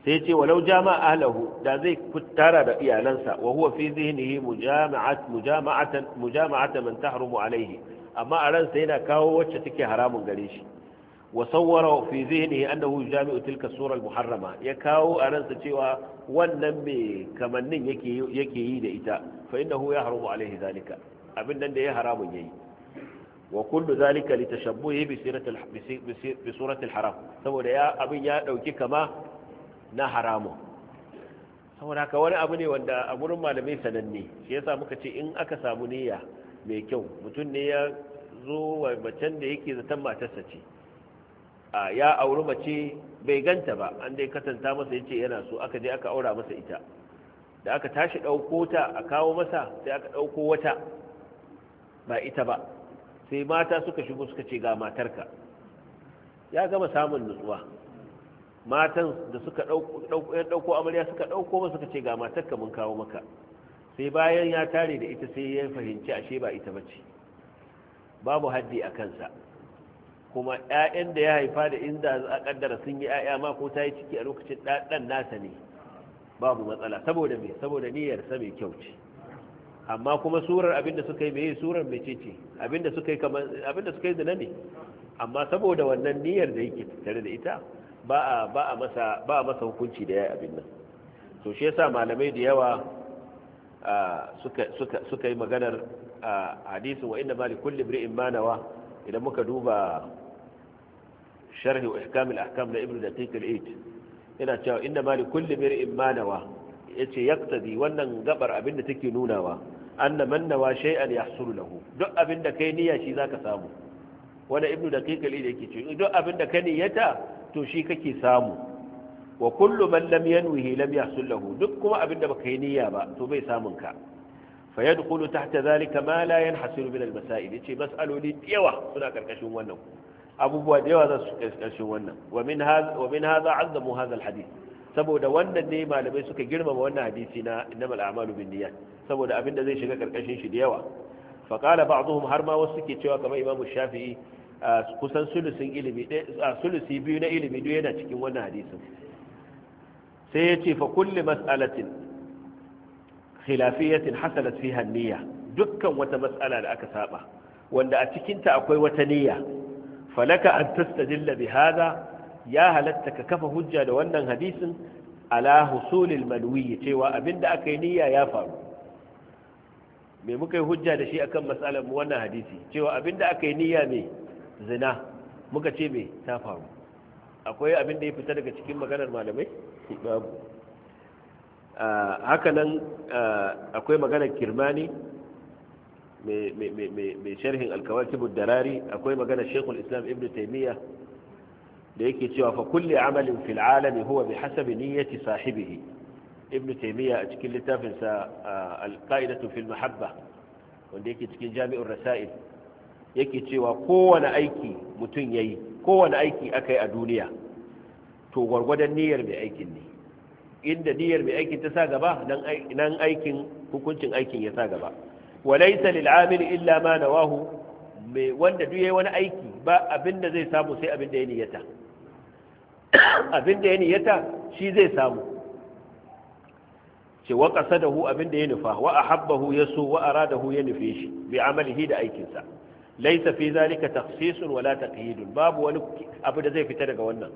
sai ce walau jama ahlahu da zai tara da iyalansa wa huwa fi zihnihi mujama'at mujama'atan mujama'ata man tahrumu alayhi amma a ransa yana kawo wacce take haramun gare shi wa sawwara fi zihnihi annahu jami'u tilka sura al-muharrama ya kawo a ransa cewa wannan me kamannin yake yake yi da ita fa innahu yahrumu alayhi zalika abin nan da ya haramun yayi wa kullu zalika litashabbuhi bi sirati bi surati al-haram saboda ya abin ya dauki kama na haramun saboda haka wani abu ne wanda a gurin malamai sananne shi yasa muka ce in aka samu niyya mai kyau mutum ne ya zo wa macen da yake zaton matarsa ce ya auri mace bai ganta ba an dai katanta masa yace yana so aka je aka aura masa ita da aka tashi ɗauko ta a kawo masa sai aka ɗauko wata ba ita ba sai mata suka shigo suka ce ga matarka ya gama samun nutsuwa matan da suka ɗauko amarya suka ɗauko ba suka ce ga matar ka mun kawo maka sai bayan ya tare da ita sai ya fahimci ashe ba ita bace babu haddi a kansa kuma 'ya'yan da ya haifa da inda a kaddara sun yi 'ya'ya ma ko ta yi ciki a lokacin ɗan nasa ne babu matsala saboda me saboda niyyar sa mai kyau ce amma kuma surar abinda suka yi mai surar mai ce ce abinda suka yi kamar abinda suka yi da ne amma saboda wannan niyyar da yake tare da ita ba a masa hukunci da ya abin nan to shi yasa malamai da yawa suka yi maganar hadisin wa inda mali kulli bri'in manawa idan muka duba sharhi wa ihkamil ahkam na ibnu daqiq al-eid yana cewa inda mali kulli bri'in manawa yace yaqtadi wannan gabar abin da take nunawa anna man nawa shay'an yahsulu lahu duk abin da kai niyya shi zaka samu Wani ibnu daqiq al yake cewa duk abin da kai niyyata to shi kake samu wa kullu man lam yanwihi lam yahsul lahu duk kuma abinda baka yi niyya ba to bai samun ka fa yadkhulu tahta zalika ma la min al masail yace mas'aloli yawa suna karkashin wannan abubuwa da yawa za su karkashin wannan wa min hadha wa min hadha hadha al hadith saboda wannan ne malamai suka girmama wannan hadisi na innamal a'malu binniyat saboda abinda zai shiga karkashin shi da yawa fa qala ba'dhum har ma wasu ke cewa kamar imamu shafi'i kusan sulusin ilimi sulusi biyu na ilimi duk yana cikin wannan hadisin sai ya ce fa kulli mas'alatin khilafiyatin hasalat fiha niyya dukkan wata mas'ala da aka saba wanda a cikin ta akwai wata niyya falaka an tastadilla bi hada ya halatta ka kafa hujja da wannan hadisin ala husulil manwi cewa abinda aka yi niyya ya faru me muka yi hujja da shi akan mas'alar wannan hadisi cewa abinda aka yi niyya ne zina muka ce me ta faru akwai abin da ya fita daga cikin maganar malamai babu hakanan akwai maganar kirmani mai sharhin alkawakibud darari akwai maganar shekul islam ibn taimiyya da yake cewa fa kulle amalin fil alami huwa bi hasabi niyyati sahibihi ibn taimiyya a cikin littafin sa al fil mahabba wanda yake cikin jami'ur rasail yake cewa kowane aiki mutum ya yi kowane aiki aka yi a duniya to gwargwadon niyyar mai aikin ne inda niyyar mai aikin ta sa gaba nan aikin hukuncin aikin ya sa gaba walaisa lil illa ma na wahu mai wanda duk yayi wani aiki ba abin da zai samu sai abin da ya niyyata *coughs* da ya niyyata shi zai samu ce wa abin da ya nufa wa a ya so wa a hu ya nufe shi bi amalihi da aikinsa laisa fi zalika takhsisun wala taqyidun babu wani abu da zai fita daga wannan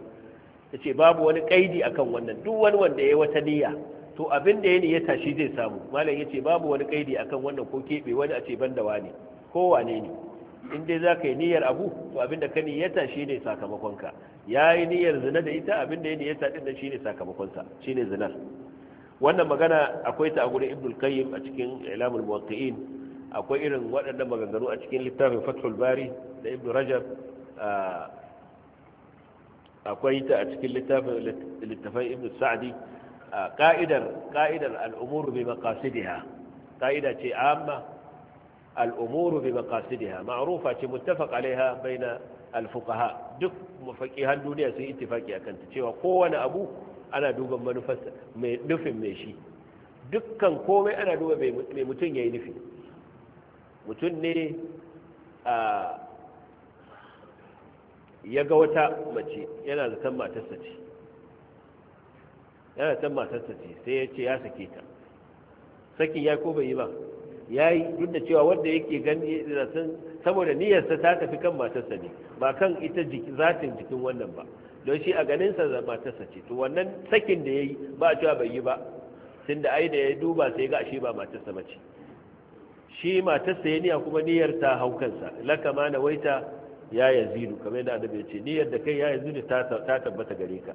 yace babu wani kaidi akan wannan duk wani wanda yayi wata niyya to abin da yayi ya shi zai samu malam yace babu wani kaidi akan wannan ko kebe wani a ce banda wani ko wane ne in dai zaka yi niyyar abu to abin da ka niyyata shine sakamakonka yayi niyyar zina da ita abin da ya niyyata din nan shine sakamakonsa shine zinar wannan magana akwai ta a gurin ibnul qayyim a cikin ilamul muwaqqi'in akwai irin waɗannan maganganu a cikin littafin fathul bari da ibn rajab akwai ta a cikin littafin ibn sa'adi ka'idar ka'idar al'umuru bi maqasidiha ka'ida ce amma al'umuru bi maqasidiha ma'rufa ce muttafaq alaiha baina al-fuqaha duk mafaqihan duniya sun ittifaki akan ta cewa kowane abu ana duban manufarsa mai nufin mai shi dukkan komai ana duba mai mutum yayi nufi mutum ne a ya ga wata mace yana zaton matarsa ce yana zaton matarsa ce sai ya ce ya sake ta sakin ya ko bai yi ba ya yi duk da cewa wanda yake gani zaton saboda niyyarsa ta tafi kan matarsa ne ba kan ita zatin jikin wannan ba don shi a ganinsa da matarsa ce to wannan sakin da ya yi ba a cewa bai yi ba tun da ai da ya duba sai ga ashe ba matarsa ba ce shi matarsa ya niya kuma niyyar ta haukansa laka ma na waita ya yazidu kamar yadda annabi ya ce niyyar da kai ya yazidu ta tabbata gare ka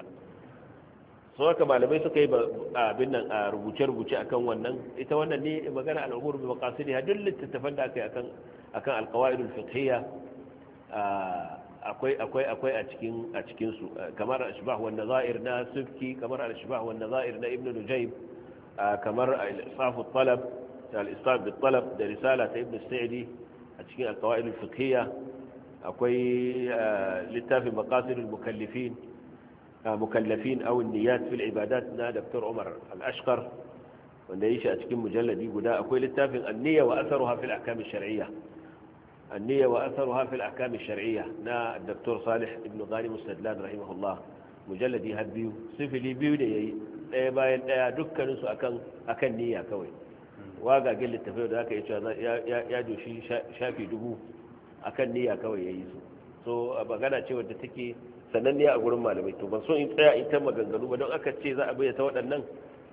sau haka malamai suka yi abin nan a rubuce-rubuce a kan wannan ita wannan ne magana al'ummar al'umur bi maqasidi duk littattafan da aka yi a kan alqawaidul fiqhiyya akwai akwai akwai a cikin a cikin su kamar ashbah wan nazair na sufki kamar ashbah wan nazair na ibnu nujaym kamar al-isaf talab الاصطاد بالطلب ده رسالة ابن السعدي أتشكين القوائل الفقهية أكوي آه، لتافي مقاصد المكلفين آه، مكلفين أو النيات في العبادات نا دكتور عمر الأشقر ونديش أتشكين مجلدي قداء أكوي لتافي النية وأثرها في الأحكام الشرعية النية وأثرها في الأحكام الشرعية نا الدكتور صالح ابن غاني مستدلان رحمه الله مجلدي هبيو سفلي بيو دي باين إيه، دكا نسو أكن نية كوي wagagen littafai da aka yi cewa ya doshi shafi dubu a kan niyya kawai ya yi su so a magana ce wadda take sananniya a gurin malamai to ban so in tsaya ita maganganu ba don aka ce za a bayyana waɗannan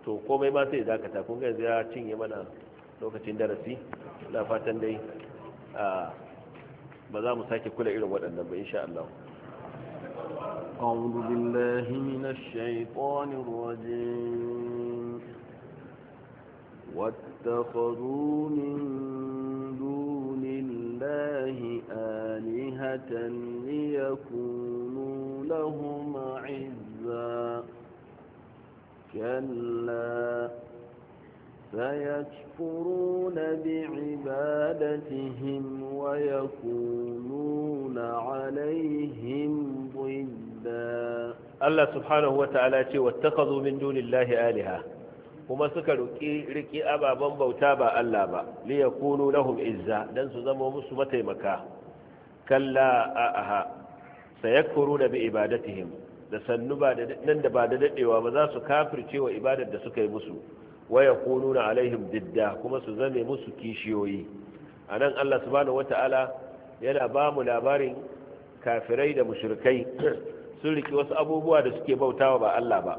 to komai ma sai dakata kun yanzu ya cinye mana lokacin darasi na fatan dai ba za mu sake kula irin waɗannan ba insha Allah أعوذ بالله من الشيطان الرجيم واتخذوا من دون الله آلهة ليكونوا لهم عزا كلا فيكفرون بعبادتهم ويكونون عليهم ضدا الله سبحانه وتعالى واتخذوا من دون الله آلهة kuma suka riƙi ababen bauta ba Allah ba liya kunu lahum izza dan su zama musu mataimaka kalla a aha sayakuru da bi ibadatihim da sannu ba da nan da ba da dadewa ba za su kafirce wa ibadar da suka yi musu wa yakunu alaihim didda kuma su zame musu kishiyoyi anan Allah subhanahu wataala yana ba mu labarin kafirai da mushrikai *clears throat* sun riki wasu abubuwa da suke bautawa ba Allah ba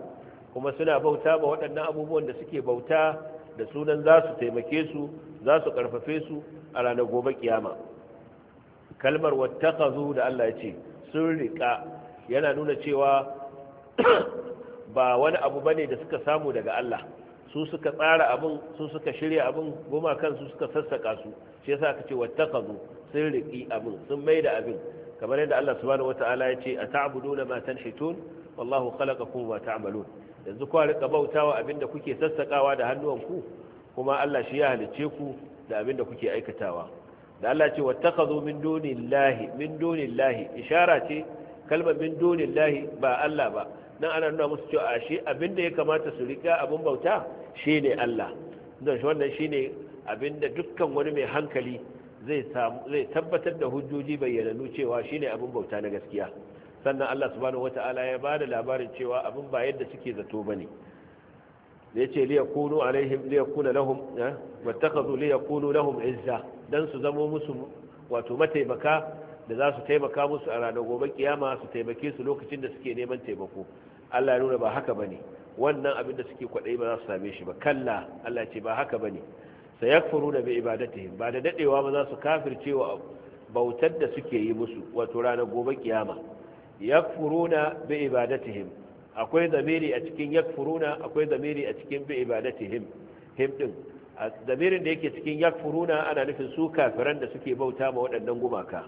kuma suna bauta ba waɗannan abubuwan da suke bauta da sunan za su taimake su za su ƙarfafe su a ranar gobe kiyama kalmar wattakazu da Allah ya ce sun riƙa yana nuna cewa *coughs* ba wani abu bane da suka samu daga Allah su suka tsara abin su suka shirya abin goma kan su suka sassaka su shi yasa aka ce sun riƙi abin sun mai da abin kamar yadda Allah subhanahu wata'ala ya ce a na matan tanhitun wallahu khalaqakum wa ta'malun yanzu kuwa rika bautawa abinda kuke sassakawa da hannuwanku kuma Allah shi ya halicce ku da abinda kuke aikatawa da Allah ce wattakhadhu min dunillahi min dunillahi ishara ce kalmar min dunillahi ba Allah ba nan ana nuna musu cewa ashe abinda ya kamata su rika abin bauta shine Allah don shi wannan shine abinda dukkan wani mai hankali zai tabbatar da hujjoji bayyananu cewa shine abin bauta na gaskiya sannan Allah subhanahu wata'ala ya bada labarin cewa abin ba yadda suke zato bane da yace li yakunu alaihim li yakuna lahum wattakhadhu li yakunu lahum izza dan su zamo musu wato mataimaka da za su taimaka musu a ranar gobe kiyama su taimake su lokacin da suke neman taimako Allah ya nuna ba haka bane wannan abin da suke kwadai ba za su same shi ba kalla Allah ce ba haka bane da bi ibadatihim ba da dadewa ba za su kafircewa bautar da suke yi musu wato ranar gobe kiyama yakfuruna bi ibadatihim akwai zamiri a cikin yakfuruna akwai zamiri a cikin bi ibadatihim him din zamirin da yake cikin yakfuruna ana nufin su kafiran da suke bauta ma waɗannan gumaka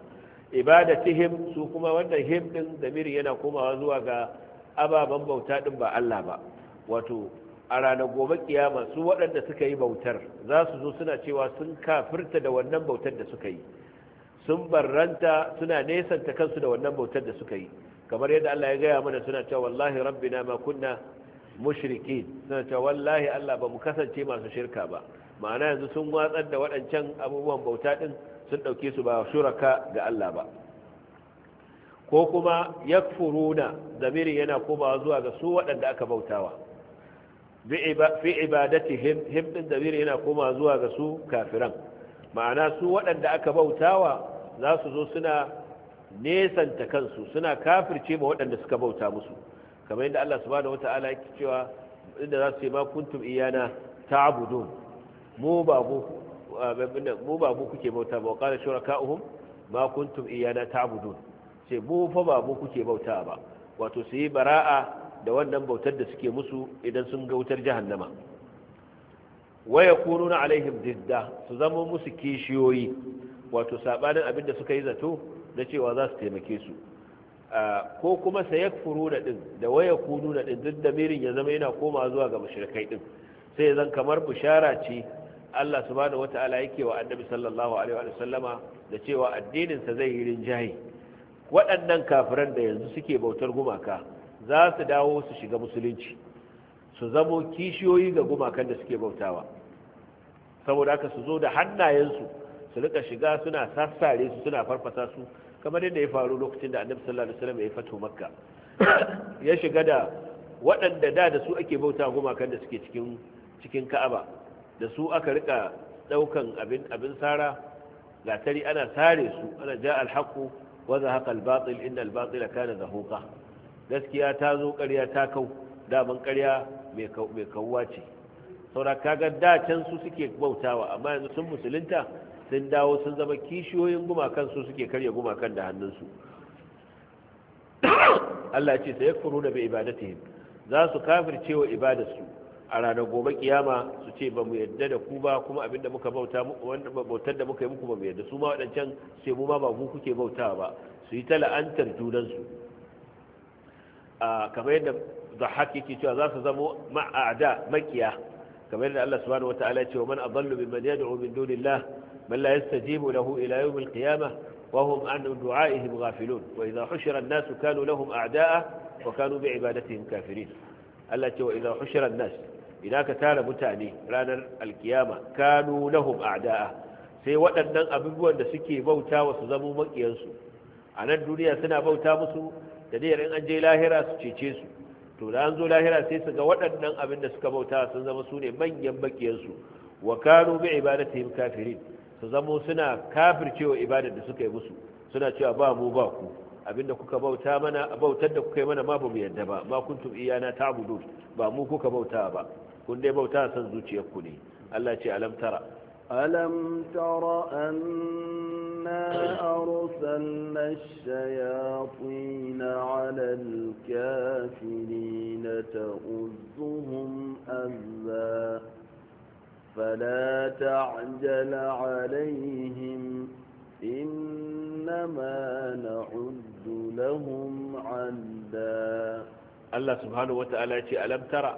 ibadatihim su kuma wannan him din zamirin yana komawa zuwa ga ababen bauta din ba Allah ba wato a ranar gobe kiyama su waɗanda suka yi bautar za su zo suna cewa sun kafirta da wannan bautar da suka yi sun barranta suna nesanta kansu da wannan bautar da suka yi kamar yadda Allah ya gaya mana suna cewa wallahi rabbina ma kunna mushriki suna cewa wallahi Allah ba mu kasance masu shirka ba ma'ana yanzu sun watsar da waɗancan abubuwan bauta ɗin sun ɗauke su ba shuraka ga Allah ba ko kuma yakfuruna zamiri yana komawa zuwa ga su waɗanda aka bautawa fi ibadati him din zamiri yana komawa zuwa ga su kafiran ma'ana su waɗanda aka bautawa za su zo suna nesanta kansu suna kafirce ba waɗanda suka bauta musu kamar yadda Allah subhanahu wata'ala yake cewa inda za su ce ma kuntum iyana ta'budun mu ba mu mu ba kuke bauta ba qala shuraka'uhum ma kuntum iyana ta'budun ce mu fa ba mu kuke bauta ba wato su yi bara'a da wannan bautar da suke musu idan sun ga wutar jahannama waya kununa alaihim didda su zama musu kishiyoyi wato sabanin abin da suka yi zato na cewa za su taimake su ko kuma sayakfuru da din da waya kunu da din duk da mirin ya zama yana koma zuwa ga mushrikai din sai zan kamar bishara ce Allah subhanahu wataala yake wa annabi sallallahu alaihi wa sallama da cewa addinin sa zai yi rinjaye waɗannan kafiran da yanzu suke bautar gumaka za su dawo su shiga musulunci su zamo kishiyoyi ga gumakan da suke bautawa saboda haka su zo da hannayensu su rika shiga suna sassare su suna farfasa su kamar yadda ya faru lokacin da annabi sallallahu alaihi wasallam ya fato makka *coughs* ya shiga da waɗanda da da su ake bauta gumakan da suke cikin cikin ka'aba da su aka rika daukan abin abin sara gatari ana sare su ana ja alhaqu wa zahaqa albatil inna albatila kana zahuqa gaskiya ta zo ƙarya ta kau daman ƙarya mai kawwa ce saura kaga da can su suke bautawa amma yanzu sun musulunta sun dawo sun zama kishiyoyin gumakan su suke karya gumakan da hannunsu Allah ce sai yakfuru da bi yin za su kafirce wa ibadarsu a ranar gobe kiyama su ce ba mu yadda da ku ba kuma abinda muka bauta bautar da muka yi muku ba mu yadda su ma waɗancan sai mu ma ba mu kuke bauta ba su yi ta la'antar junansu kamar yadda da yake cewa za su zamo ma'ada makiya kamar yadda Allah subhanahu wata'ala ce wa man adallu mimman yad'u min dunillah man la yastajibu lahu ila yawm al-qiyamah wa hum an du'a'ihim ghafilun wa idha hushira an-nasu kanu lahum a'da'a wa kanu bi ibadatihim kafirin Allah ce wa idha hushira an-nas idan ka tara mutane ranar alkiyama kanu lahum a'da'a sai waɗannan abubuwan da suke bauta wa su zamo makiyansu a nan duniya suna bauta musu da diyar in an je lahira su cece su to da an zo lahira sai su ga waɗannan abin da suka bauta sun zama su ne manyan bakiyarsu wa kanu bi ibadatihim kafirin su zama suna kafircewa ibadar da suka yi musu suna cewa ba mu ba ku abinda kuka bauta mana bautar da kuka yi mana ma ba mu yadda ba ma kuntum iyana ta'budu ba mu kuka bauta ba kun dai bauta san zuciyarku ne Allah ce alam tara ألم تر أنا أرسلنا الشياطين على الكافرين تغزهم أذى فلا تعجل عليهم إنما نعد لهم عدا الله سبحانه وتعالى ألم ترى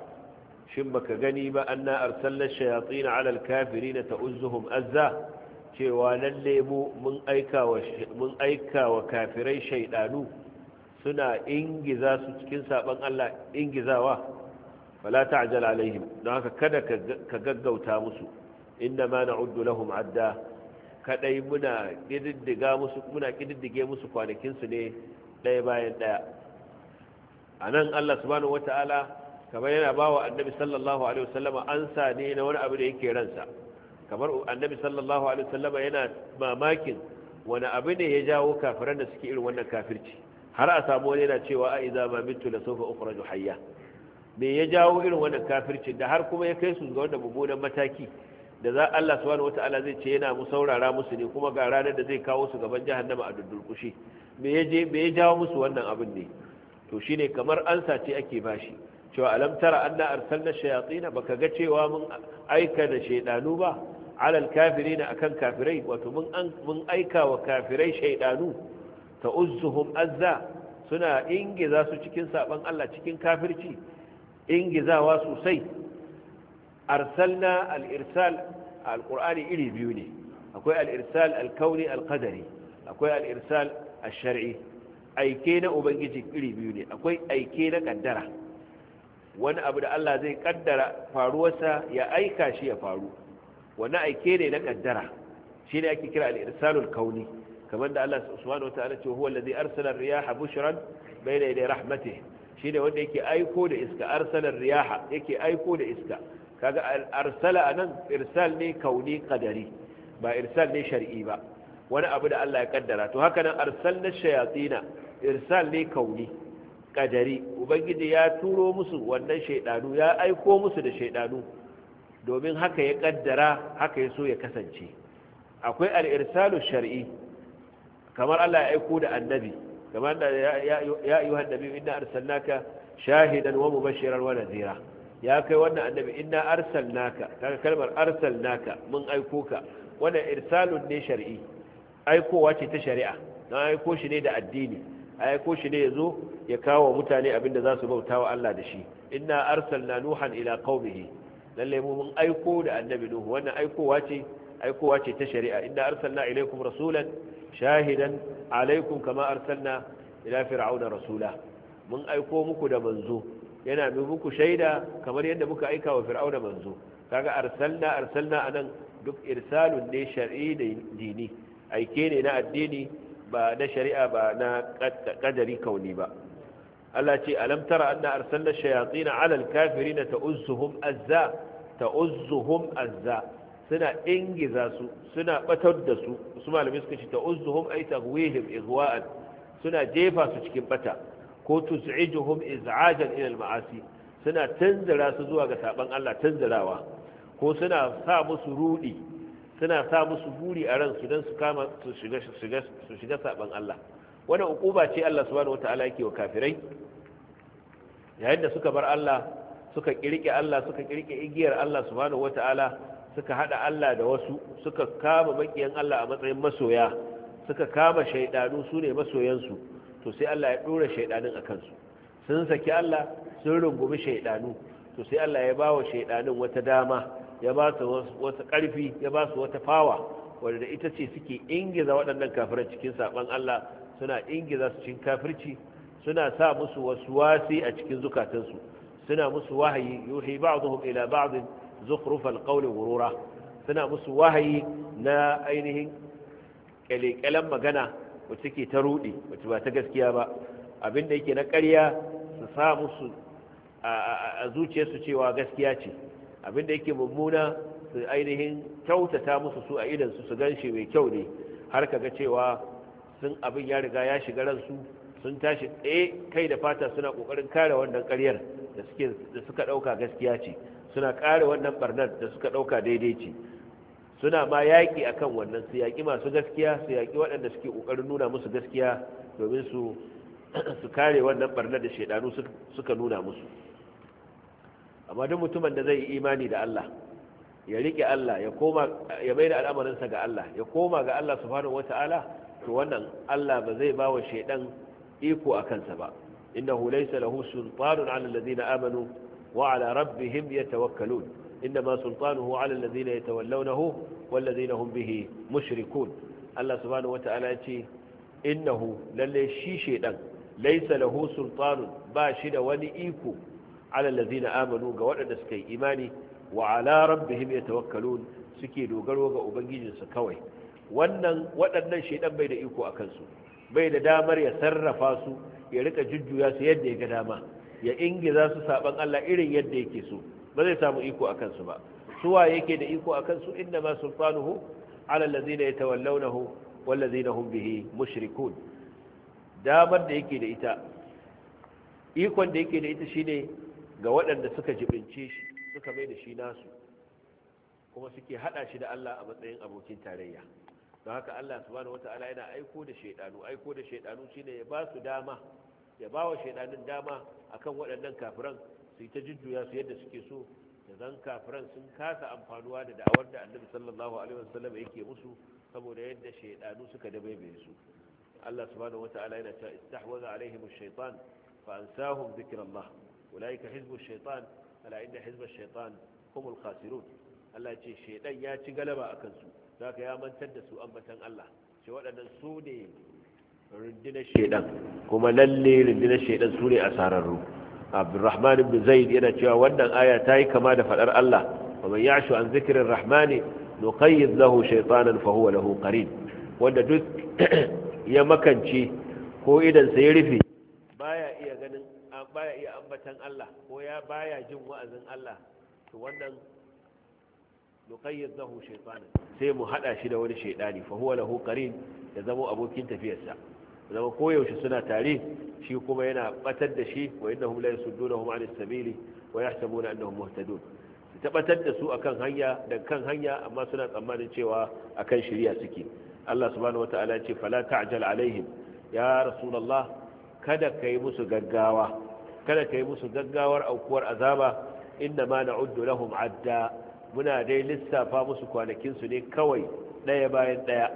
shin baka gani ba anna arsalna shayatin ala alkafirin ta'uzuhum azza cewa lalle mu mun aika wa mun aika wa kafirai shaydanu suna ingiza su cikin saban Allah ingizawa fala ta'jal alaihim don haka kada ka gaggauta musu inna ma na'uddu lahum adda kadai muna kididdiga musu muna kididdige musu kwanakin su ne daya bayan daya anan Allah subhanahu wataala kamar yana ba wa annabi sallallahu alaihi wasallama ansa ne na wani abu da yake ransa kamar annabi sallallahu alaihi wasallama yana mamakin wani abu ne ya jawo kafiran da suke irin wannan kafirci har a samu wani yana cewa a idza ma mitu la sawfa ukhraju hayya me ya jawo irin wannan kafirci da har kuma ya kai su ga wanda mummunan mataki da za Allah subhanahu wataala zai ce yana mu saurara musu ne kuma ga ranar da zai kawo su gaban jahannama a duddurkushi me ya je me ya jawo musu wannan abin ne to shine kamar ansa ce ake bashi cewa alam tara anna arsalna shayatin baka ga cewa mun aika da shaidanu ba alal na akan kafirai wato mun aika wa kafirai ta ta'uzzuhum azza suna ingiza su cikin saban Allah cikin kafirci ingizawa sosai arsalna al-irsal al-qur'ani iri biyu ne akwai al al al akwai al-irsal aike na ubangiji iri biyu ne akwai aike na kaddara wani abu da Allah zai kaddara faruwarsa ya aika shi ya faru wani aike ne na kaddara shi ne ake kira al'irsalul kauni kamar da Allah subhanahu wa ta'ala ce huwa allazi arsala riyaha bushran bayna yaday rahmati. shi wanda yake aiko da iska arsala riyaha yake aiko da iska kaga arsala anan irsal ne kauni qadari ba irsal ne shar'i ba wani abu da Allah ya kaddara to haka nan arsalna shayatina irsal ne kauni kadari ubangiji ya turo musu wannan shaidanu ya aiko musu da shaidanu domin haka ya kaddara haka ya so ya kasance akwai al'irsalu shar'i kamar Allah ya aiko da annabi kamar da ya yi annabi inna arsalnaka shahidan wa mubashiran wa nadhira ya kai wannan annabi inna arsalnaka kaga kalmar arsalnaka mun aiko ka wanda irsalun ne shar'i aikowa ce ta shari'a dan aiko shi ne da addini aiko shi ne zo. ya kawo mutane abinda za su bauta wa Allah da shi inna arsalna nuhan ila qaumihi lalle mu mun aiko da annabi nuhu wannan aikowa ce aikowa ce ta shari'a inna arsalna ilaykum rasulan shahidan alaykum kama arsalna ila fir'auna rasula mun aiko muku da manzo yana bi muku shaida kamar yadda muka aika wa fir'auna manzo kaga arsalna arsalna anan duk irsalun ne shar'i da dini aike ne na addini ba na shari'a ba na kadari kauni ba Allah ce alam tara anna arsalna shayatin ala alkafirin ta'uzzuhum azza ta'uzzuhum azza suna ingiza su suna batar da su su malamai suka ce ta'uzzuhum ay taghwihim ighwa'an suna jefa su cikin bata ko tuz'ijuhum iz'ajan ila alma'asi suna tanzira su zuwa ga saban Allah tanzirawa ko suna sa musu rudi suna sa musu buri a ransu don su kama su shiga saban Allah wani ukuba ce Allah subhanahu wataala yake wa kafirai yayin da suka bar Allah suka kirke Allah suka kirke igiyar Allah subhanahu wataala suka hada Allah da wasu suka kama bakiyan Allah a matsayin masoya suka kama shaidanu su ne masoyansu to sai Allah ya dora shaidanin a kansu sun saki Allah sun rungumi shaidanu to sai Allah ya bawa wa shaidanin wata dama ya ba su wata ƙarfi ya ba su wata fawa wanda ita ce suke ingiza waɗannan kafirai cikin saɓon Allah suna ingiza su cin kafirci suna sa musu waswasi a cikin zukatansu suna musu wahayi yuhi ba'dhum ila ba'd zukhruf al-qawl ghurura suna musu wahayi na ainihin kalekalan magana wacce ke ta rudi wacce ba ta gaskiya ba abinda yake na ƙarya su sa musu a zuciyarsu cewa gaskiya ce abinda yake mummuna su ainihin kyautata musu su a idansu su ganshi mai kyau ne har kaga cewa sun abin ya riga ya shiga ransu sun tashi tsaye kai da fata suna kokarin kare wannan ƙaryar da suke da suka dauka gaskiya ce suna kare wannan barnar da suka dauka daidai ce suna ma yaƙi akan wannan su yaƙi masu gaskiya su yaƙi waɗanda suke kokarin nuna musu gaskiya domin su *coughs* su kare wannan barnar da shaidanu suka nuna musu amma duk mutumin da zai yi imani da Allah ya rike Allah ya koma ya mai da al'amarinsa ga Allah ya koma ga Allah subhanahu wata'ala to wannan Allah ba zai ba wa shaidan iko a kansa ba innahu laysa lahu sultanun 'ala alladhina amanu wa 'ala rabbihim yatawakkalun innama sultanuhu 'ala alladhina yatawallawnahu walladhina hum bihi mushrikun Allah subhanahu wata'ala ya ce innahu lalle shi shaidan laysa lahu sultanun ba shi da wani iko 'ala alladhina amanu ga waɗanda suka yi imani wa 'ala rabbihim yatawakkalun suke dogaro ga ubangijinsa kawai wannan waɗannan shaidan bai da iko a kansu bai da damar ya sarrafa su ya rika jujjuya su yadda ya ga dama ya ingiza su saban Allah irin yadda yake so ba zai samu iko a kansu ba suwa yake da iko a kansu inda ma sulfanuhu ala ya tawallaunahu wallazina hum bihi mushrikun damar da yake da ita ikon da yake da ita shine ga waɗanda suka jibince shi suka bai da shi nasu kuma suke haɗa shi da Allah a matsayin abokin tarayya don haka Allah subhanahu wata'ala yana aiko da shaidanu aiko da shaidanu shine ya ba su dama ya ba wa shaidanun dama akan waɗannan kafiran su yi ta jujjuya su yadda suke so da zan kafiran sun kasa amfanuwa da da'awar da annabi sallallahu alaihi wasallam yake musu saboda yadda shaidanu suka dabaibaye su Allah subhanahu wata'ala yana ta istahwaza alaihim ash-shaytan fa ansahum dhikrallah ulaika hizbu ash-shaytan ala inna hizba ash-shaytan humul khasirun Allah ya ce shaidan ya ci galaba akan su za ka ya mantar da su ambatan Allah ce waɗannan su ne rundunar shaidan kuma lalle rundunar shaidan su ne a asararru abdurrahman bin zaid yana cewa wannan aya ta yi kama da faɗar Allah mai ya shi an zikirin rahmani nuqayyid yi shaytanan fa huwa lahu wanda duk *clears throat* ya makance ko idan sa ya rufe baya iya ganin baya iya ambatan Allah ko ya baya jin wa'azin Allah to wannan nuqayyid lahu shaytanan sai mu haɗa shi da wani shaydani fa huwa lahu qarin ya zama abokin tafiyarsa zama koyaushe suna tare shi kuma yana batar da shi wa innahum la yasuddunahum an as-sabili wa yahsabuna annahum muhtadun su tabbatar da su akan hanya da kan hanya amma suna tsammanin cewa akan shiriya suke Allah subhanahu ya ce fala ta'jal alaihim ya rasulullah kada yi musu gaggawa kada yi musu gaggawar aukuwar azaba inna ma na'uddu lahum adda muna dai lissafa musu kwanakinsu ne kawai ɗaya bayan ɗaya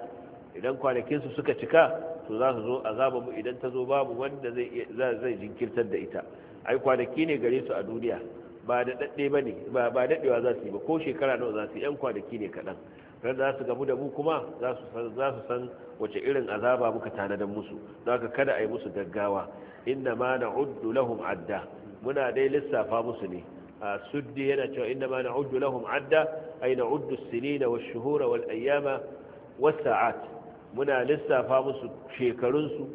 idan kwanakinsu suka cika to za su zo azaba mu idan ta zo babu wanda zai jinkirtar da ita ai kwanaki ne gare su a duniya ba da daɗe ba ba daɗewa za su yi ba ko shekara nawa za su yi 'yan kwanaki ne kaɗan ran za su gamu da mu kuma za su san wace irin azaba muka tanadar musu don haka kada a yi musu gaggawa inna ma na uddu lahum adda muna dai lissafa musu ne سدي yana cewa 'Inna ma na'uddu lahum adda ay na'uddu as-sinina wash-shuhura wal-ayyama was-sa'at muna lissafa musu shekarun su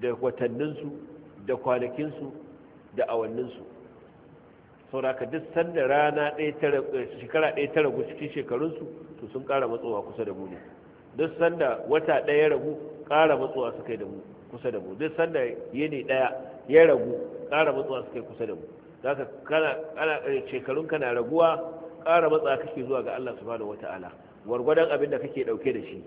da watannin da da duk sanda rana ɗaya tara shekara ɗaya ragu cikin to sun ƙara matsowa kusa da mu ne duk sanda wata ɗaya ya ragu ƙara matsowa da mu kusa da mu duk sanda yini ɗaya ya ragu ƙara matsowa suka kusa da mu za ka kana eh, shekarunka na raguwa ƙara matsa kake zuwa ga Allah subhanahu wata'ala gwargwadon abin da kake ɗauke da shi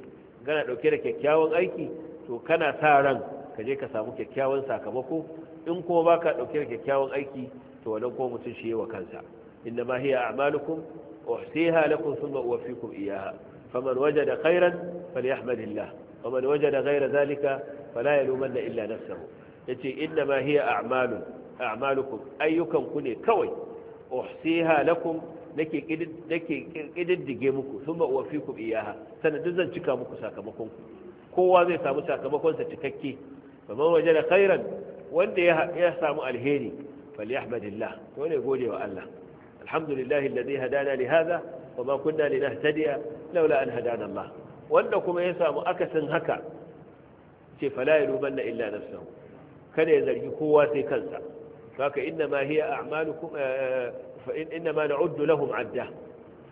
kana ɗauke da kyakkyawan aiki to kana sa ran ka je ka samu kyakkyawan sakamako in kuma baka ɗauke da kyakkyawan aiki to wannan ko mutum shi yawa kansa inna ma hiya a'malukum uhsiha lakum thumma uwaffikum iyyaha faman wajada khairan falyahmadillah waman wajada ghayra dhalika fala yalumanna illa nafsahu yace inna ma hiya a'malun a'malukum ayyukan ku ne kawai uhsiha lakum nake kididdige muku thumma uwaffikum iyaha sanadin zan cika muku sakamakon ku kowa zai samu sakamakon sa cikakke faman wajada khairan wanda ya samu alheri falyahmadillah to ne gode wa Allah alhamdulillah alladhi hadana li hadha wama kunna linahtadiya laula an hadana Allah wanda kuma ya samu akasin haka ce fala yalubanna illa nafsuhu kada ya zargi kowa sai kansa haka inna ma hiya a'malukum fa inna ma na'uddu lahum adda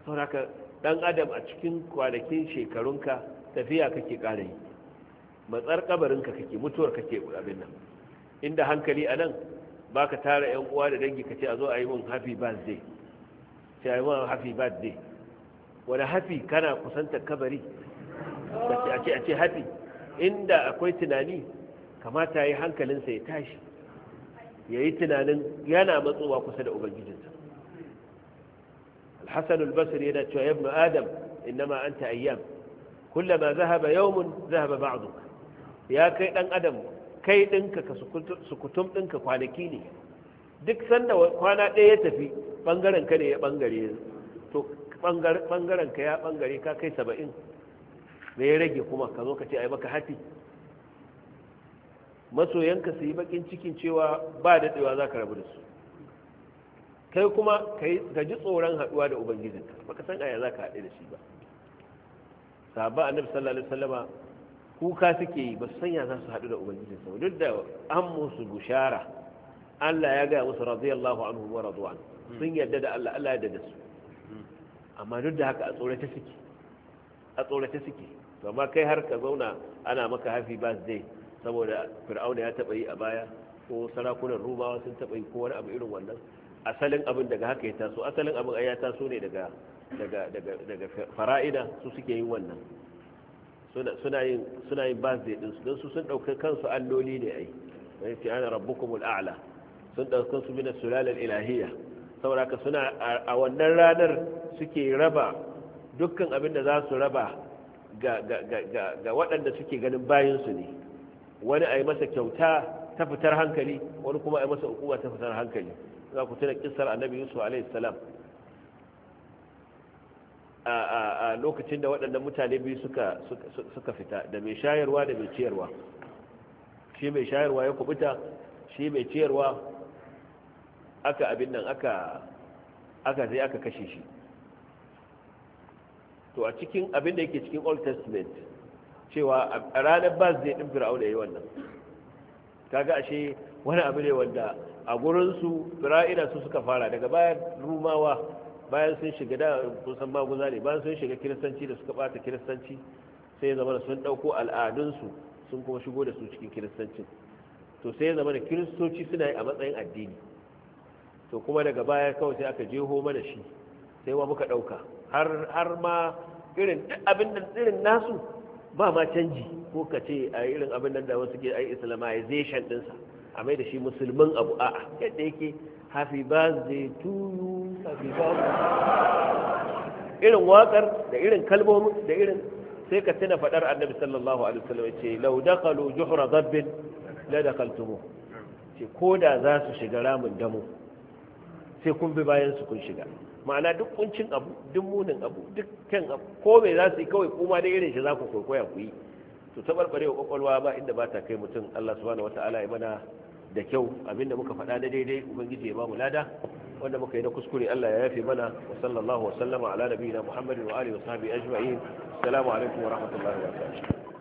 haka dan adam a cikin kwanakin shekarunka tafiya kake kare yi matsar kabarinka kake mutuwar kake abin nan inda hankali a nan ba ka tara yan uwa da dangi ka ce a zo a yi mun happy birthday ce a yi mun happy birthday wani happy kana kusantar kabari a ce a ce happy inda akwai tunani kamata ya yi hankalinsa ya tashi ya yi tunanin yana matsowa kusa da ubangijinsa alhassan albasir yana cewa ya ibnu adam innama anta ayyam ba zahaba yawmun zahaba ba'du ya kai dan adam kai dinka ka sukutum dinka kwanaki ne duk sanda kwana ɗaya ya tafi bangaren ka ne ya bangare to bangaren ka ya bangare ka kai saba'in me ya rage kuma ka zo ka ce maka hafi masoyanka su yi bakin cikin cewa ba daɗewa za ka rabu da su kai kuma ka ji tsoron haɗuwa da ubangijin baka san aya za ka haɗe da shi ba sabon annabi sallallahu alaihi wasallama kuka suke yi ba su sanya za su haɗu da ubangijin ba duk da an musu bushara Allah ya gaya musu radiyallahu anhu wa radwan sun yarda da Allah Allah ya yarda da su amma duk da haka a tsorata suke a tsorata suke to amma kai har ka zauna ana maka happy birthday saboda fir'auna ya taɓa yi a baya ko sarakunan rubawa sun taɓa yi ko wani abu irin wannan asalin abin daga haka ya taso asalin abin ya taso ne daga daga daga daga fara'ida su suke yin wannan suna suna yin suna yin ɗinsu. din su don su sun dauka kansu alloli ne ai wani fi ana rabbukumul a'la sun dauka kansu min sulal ilahiyya saboda haka suna a wannan ranar suke raba dukkan abin da za su raba ga ga ga ga waɗanda suke ganin bayansu ne wani a yi masa kyauta ta fitar hankali wani kuma a yi masa hukuma ta fitar hankali za ku tuna kisar annabi yusuf alaihissalam a lokacin da waɗannan mutane biyu suka fita da mai shayarwa da mai ciyarwa shi mai shayarwa ya kubuta shi mai ciyarwa aka abin nan aka zai aka kashe shi to a cikin abin da yake cikin old testament cewa a ranar ba zai ɗin fir'aun ya yi wannan kaga ashe wani abu ne wanda a gurinsu fir'aina su suka fara daga bayan rumawa bayan sun shiga da kusan maguza ne bayan sun shiga kiristanci da suka bata kiristanci sai zama da sun ɗauko al'adunsu sun kuma shigo da su cikin kiristanci to sai zama da kiristoci suna yi a matsayin addini to kuma daga baya kawai sai aka jeho mana shi sai wa muka ɗauka har ma irin abin da irin nasu ba ma canji ko ka ce a irin abin da wasu ke ai islamization dinsa a mai da shi musulmin abu a'a yadda yake happy birthday to you happy birthday irin wakar da irin kalmomin da irin sai ka tuna fadar annabi sallallahu alaihi wasallam ce law dakalu juhra dhabbin la ce koda za su shiga ramin damo sai kun bi bayan su kun shiga ma'ana duk kuncin abu duk munin abu duk kan ko mai za su yi kawai kuma da irin shi za ku kwaikwaya ku yi to tabarbarewa kwakwalwa ba inda ba ta kai mutum Allah subhanahu wata'ala ya mana da kyau abinda muka faɗa da daidai ubangiji ya ba mu lada wanda muka yi na kuskure Allah ya yafe mana wa sallallahu wa sallama ala nabiyina Muhammadin wa alihi wa sahbihi ajma'in assalamu alaikum wa rahmatullahi wa barakatuh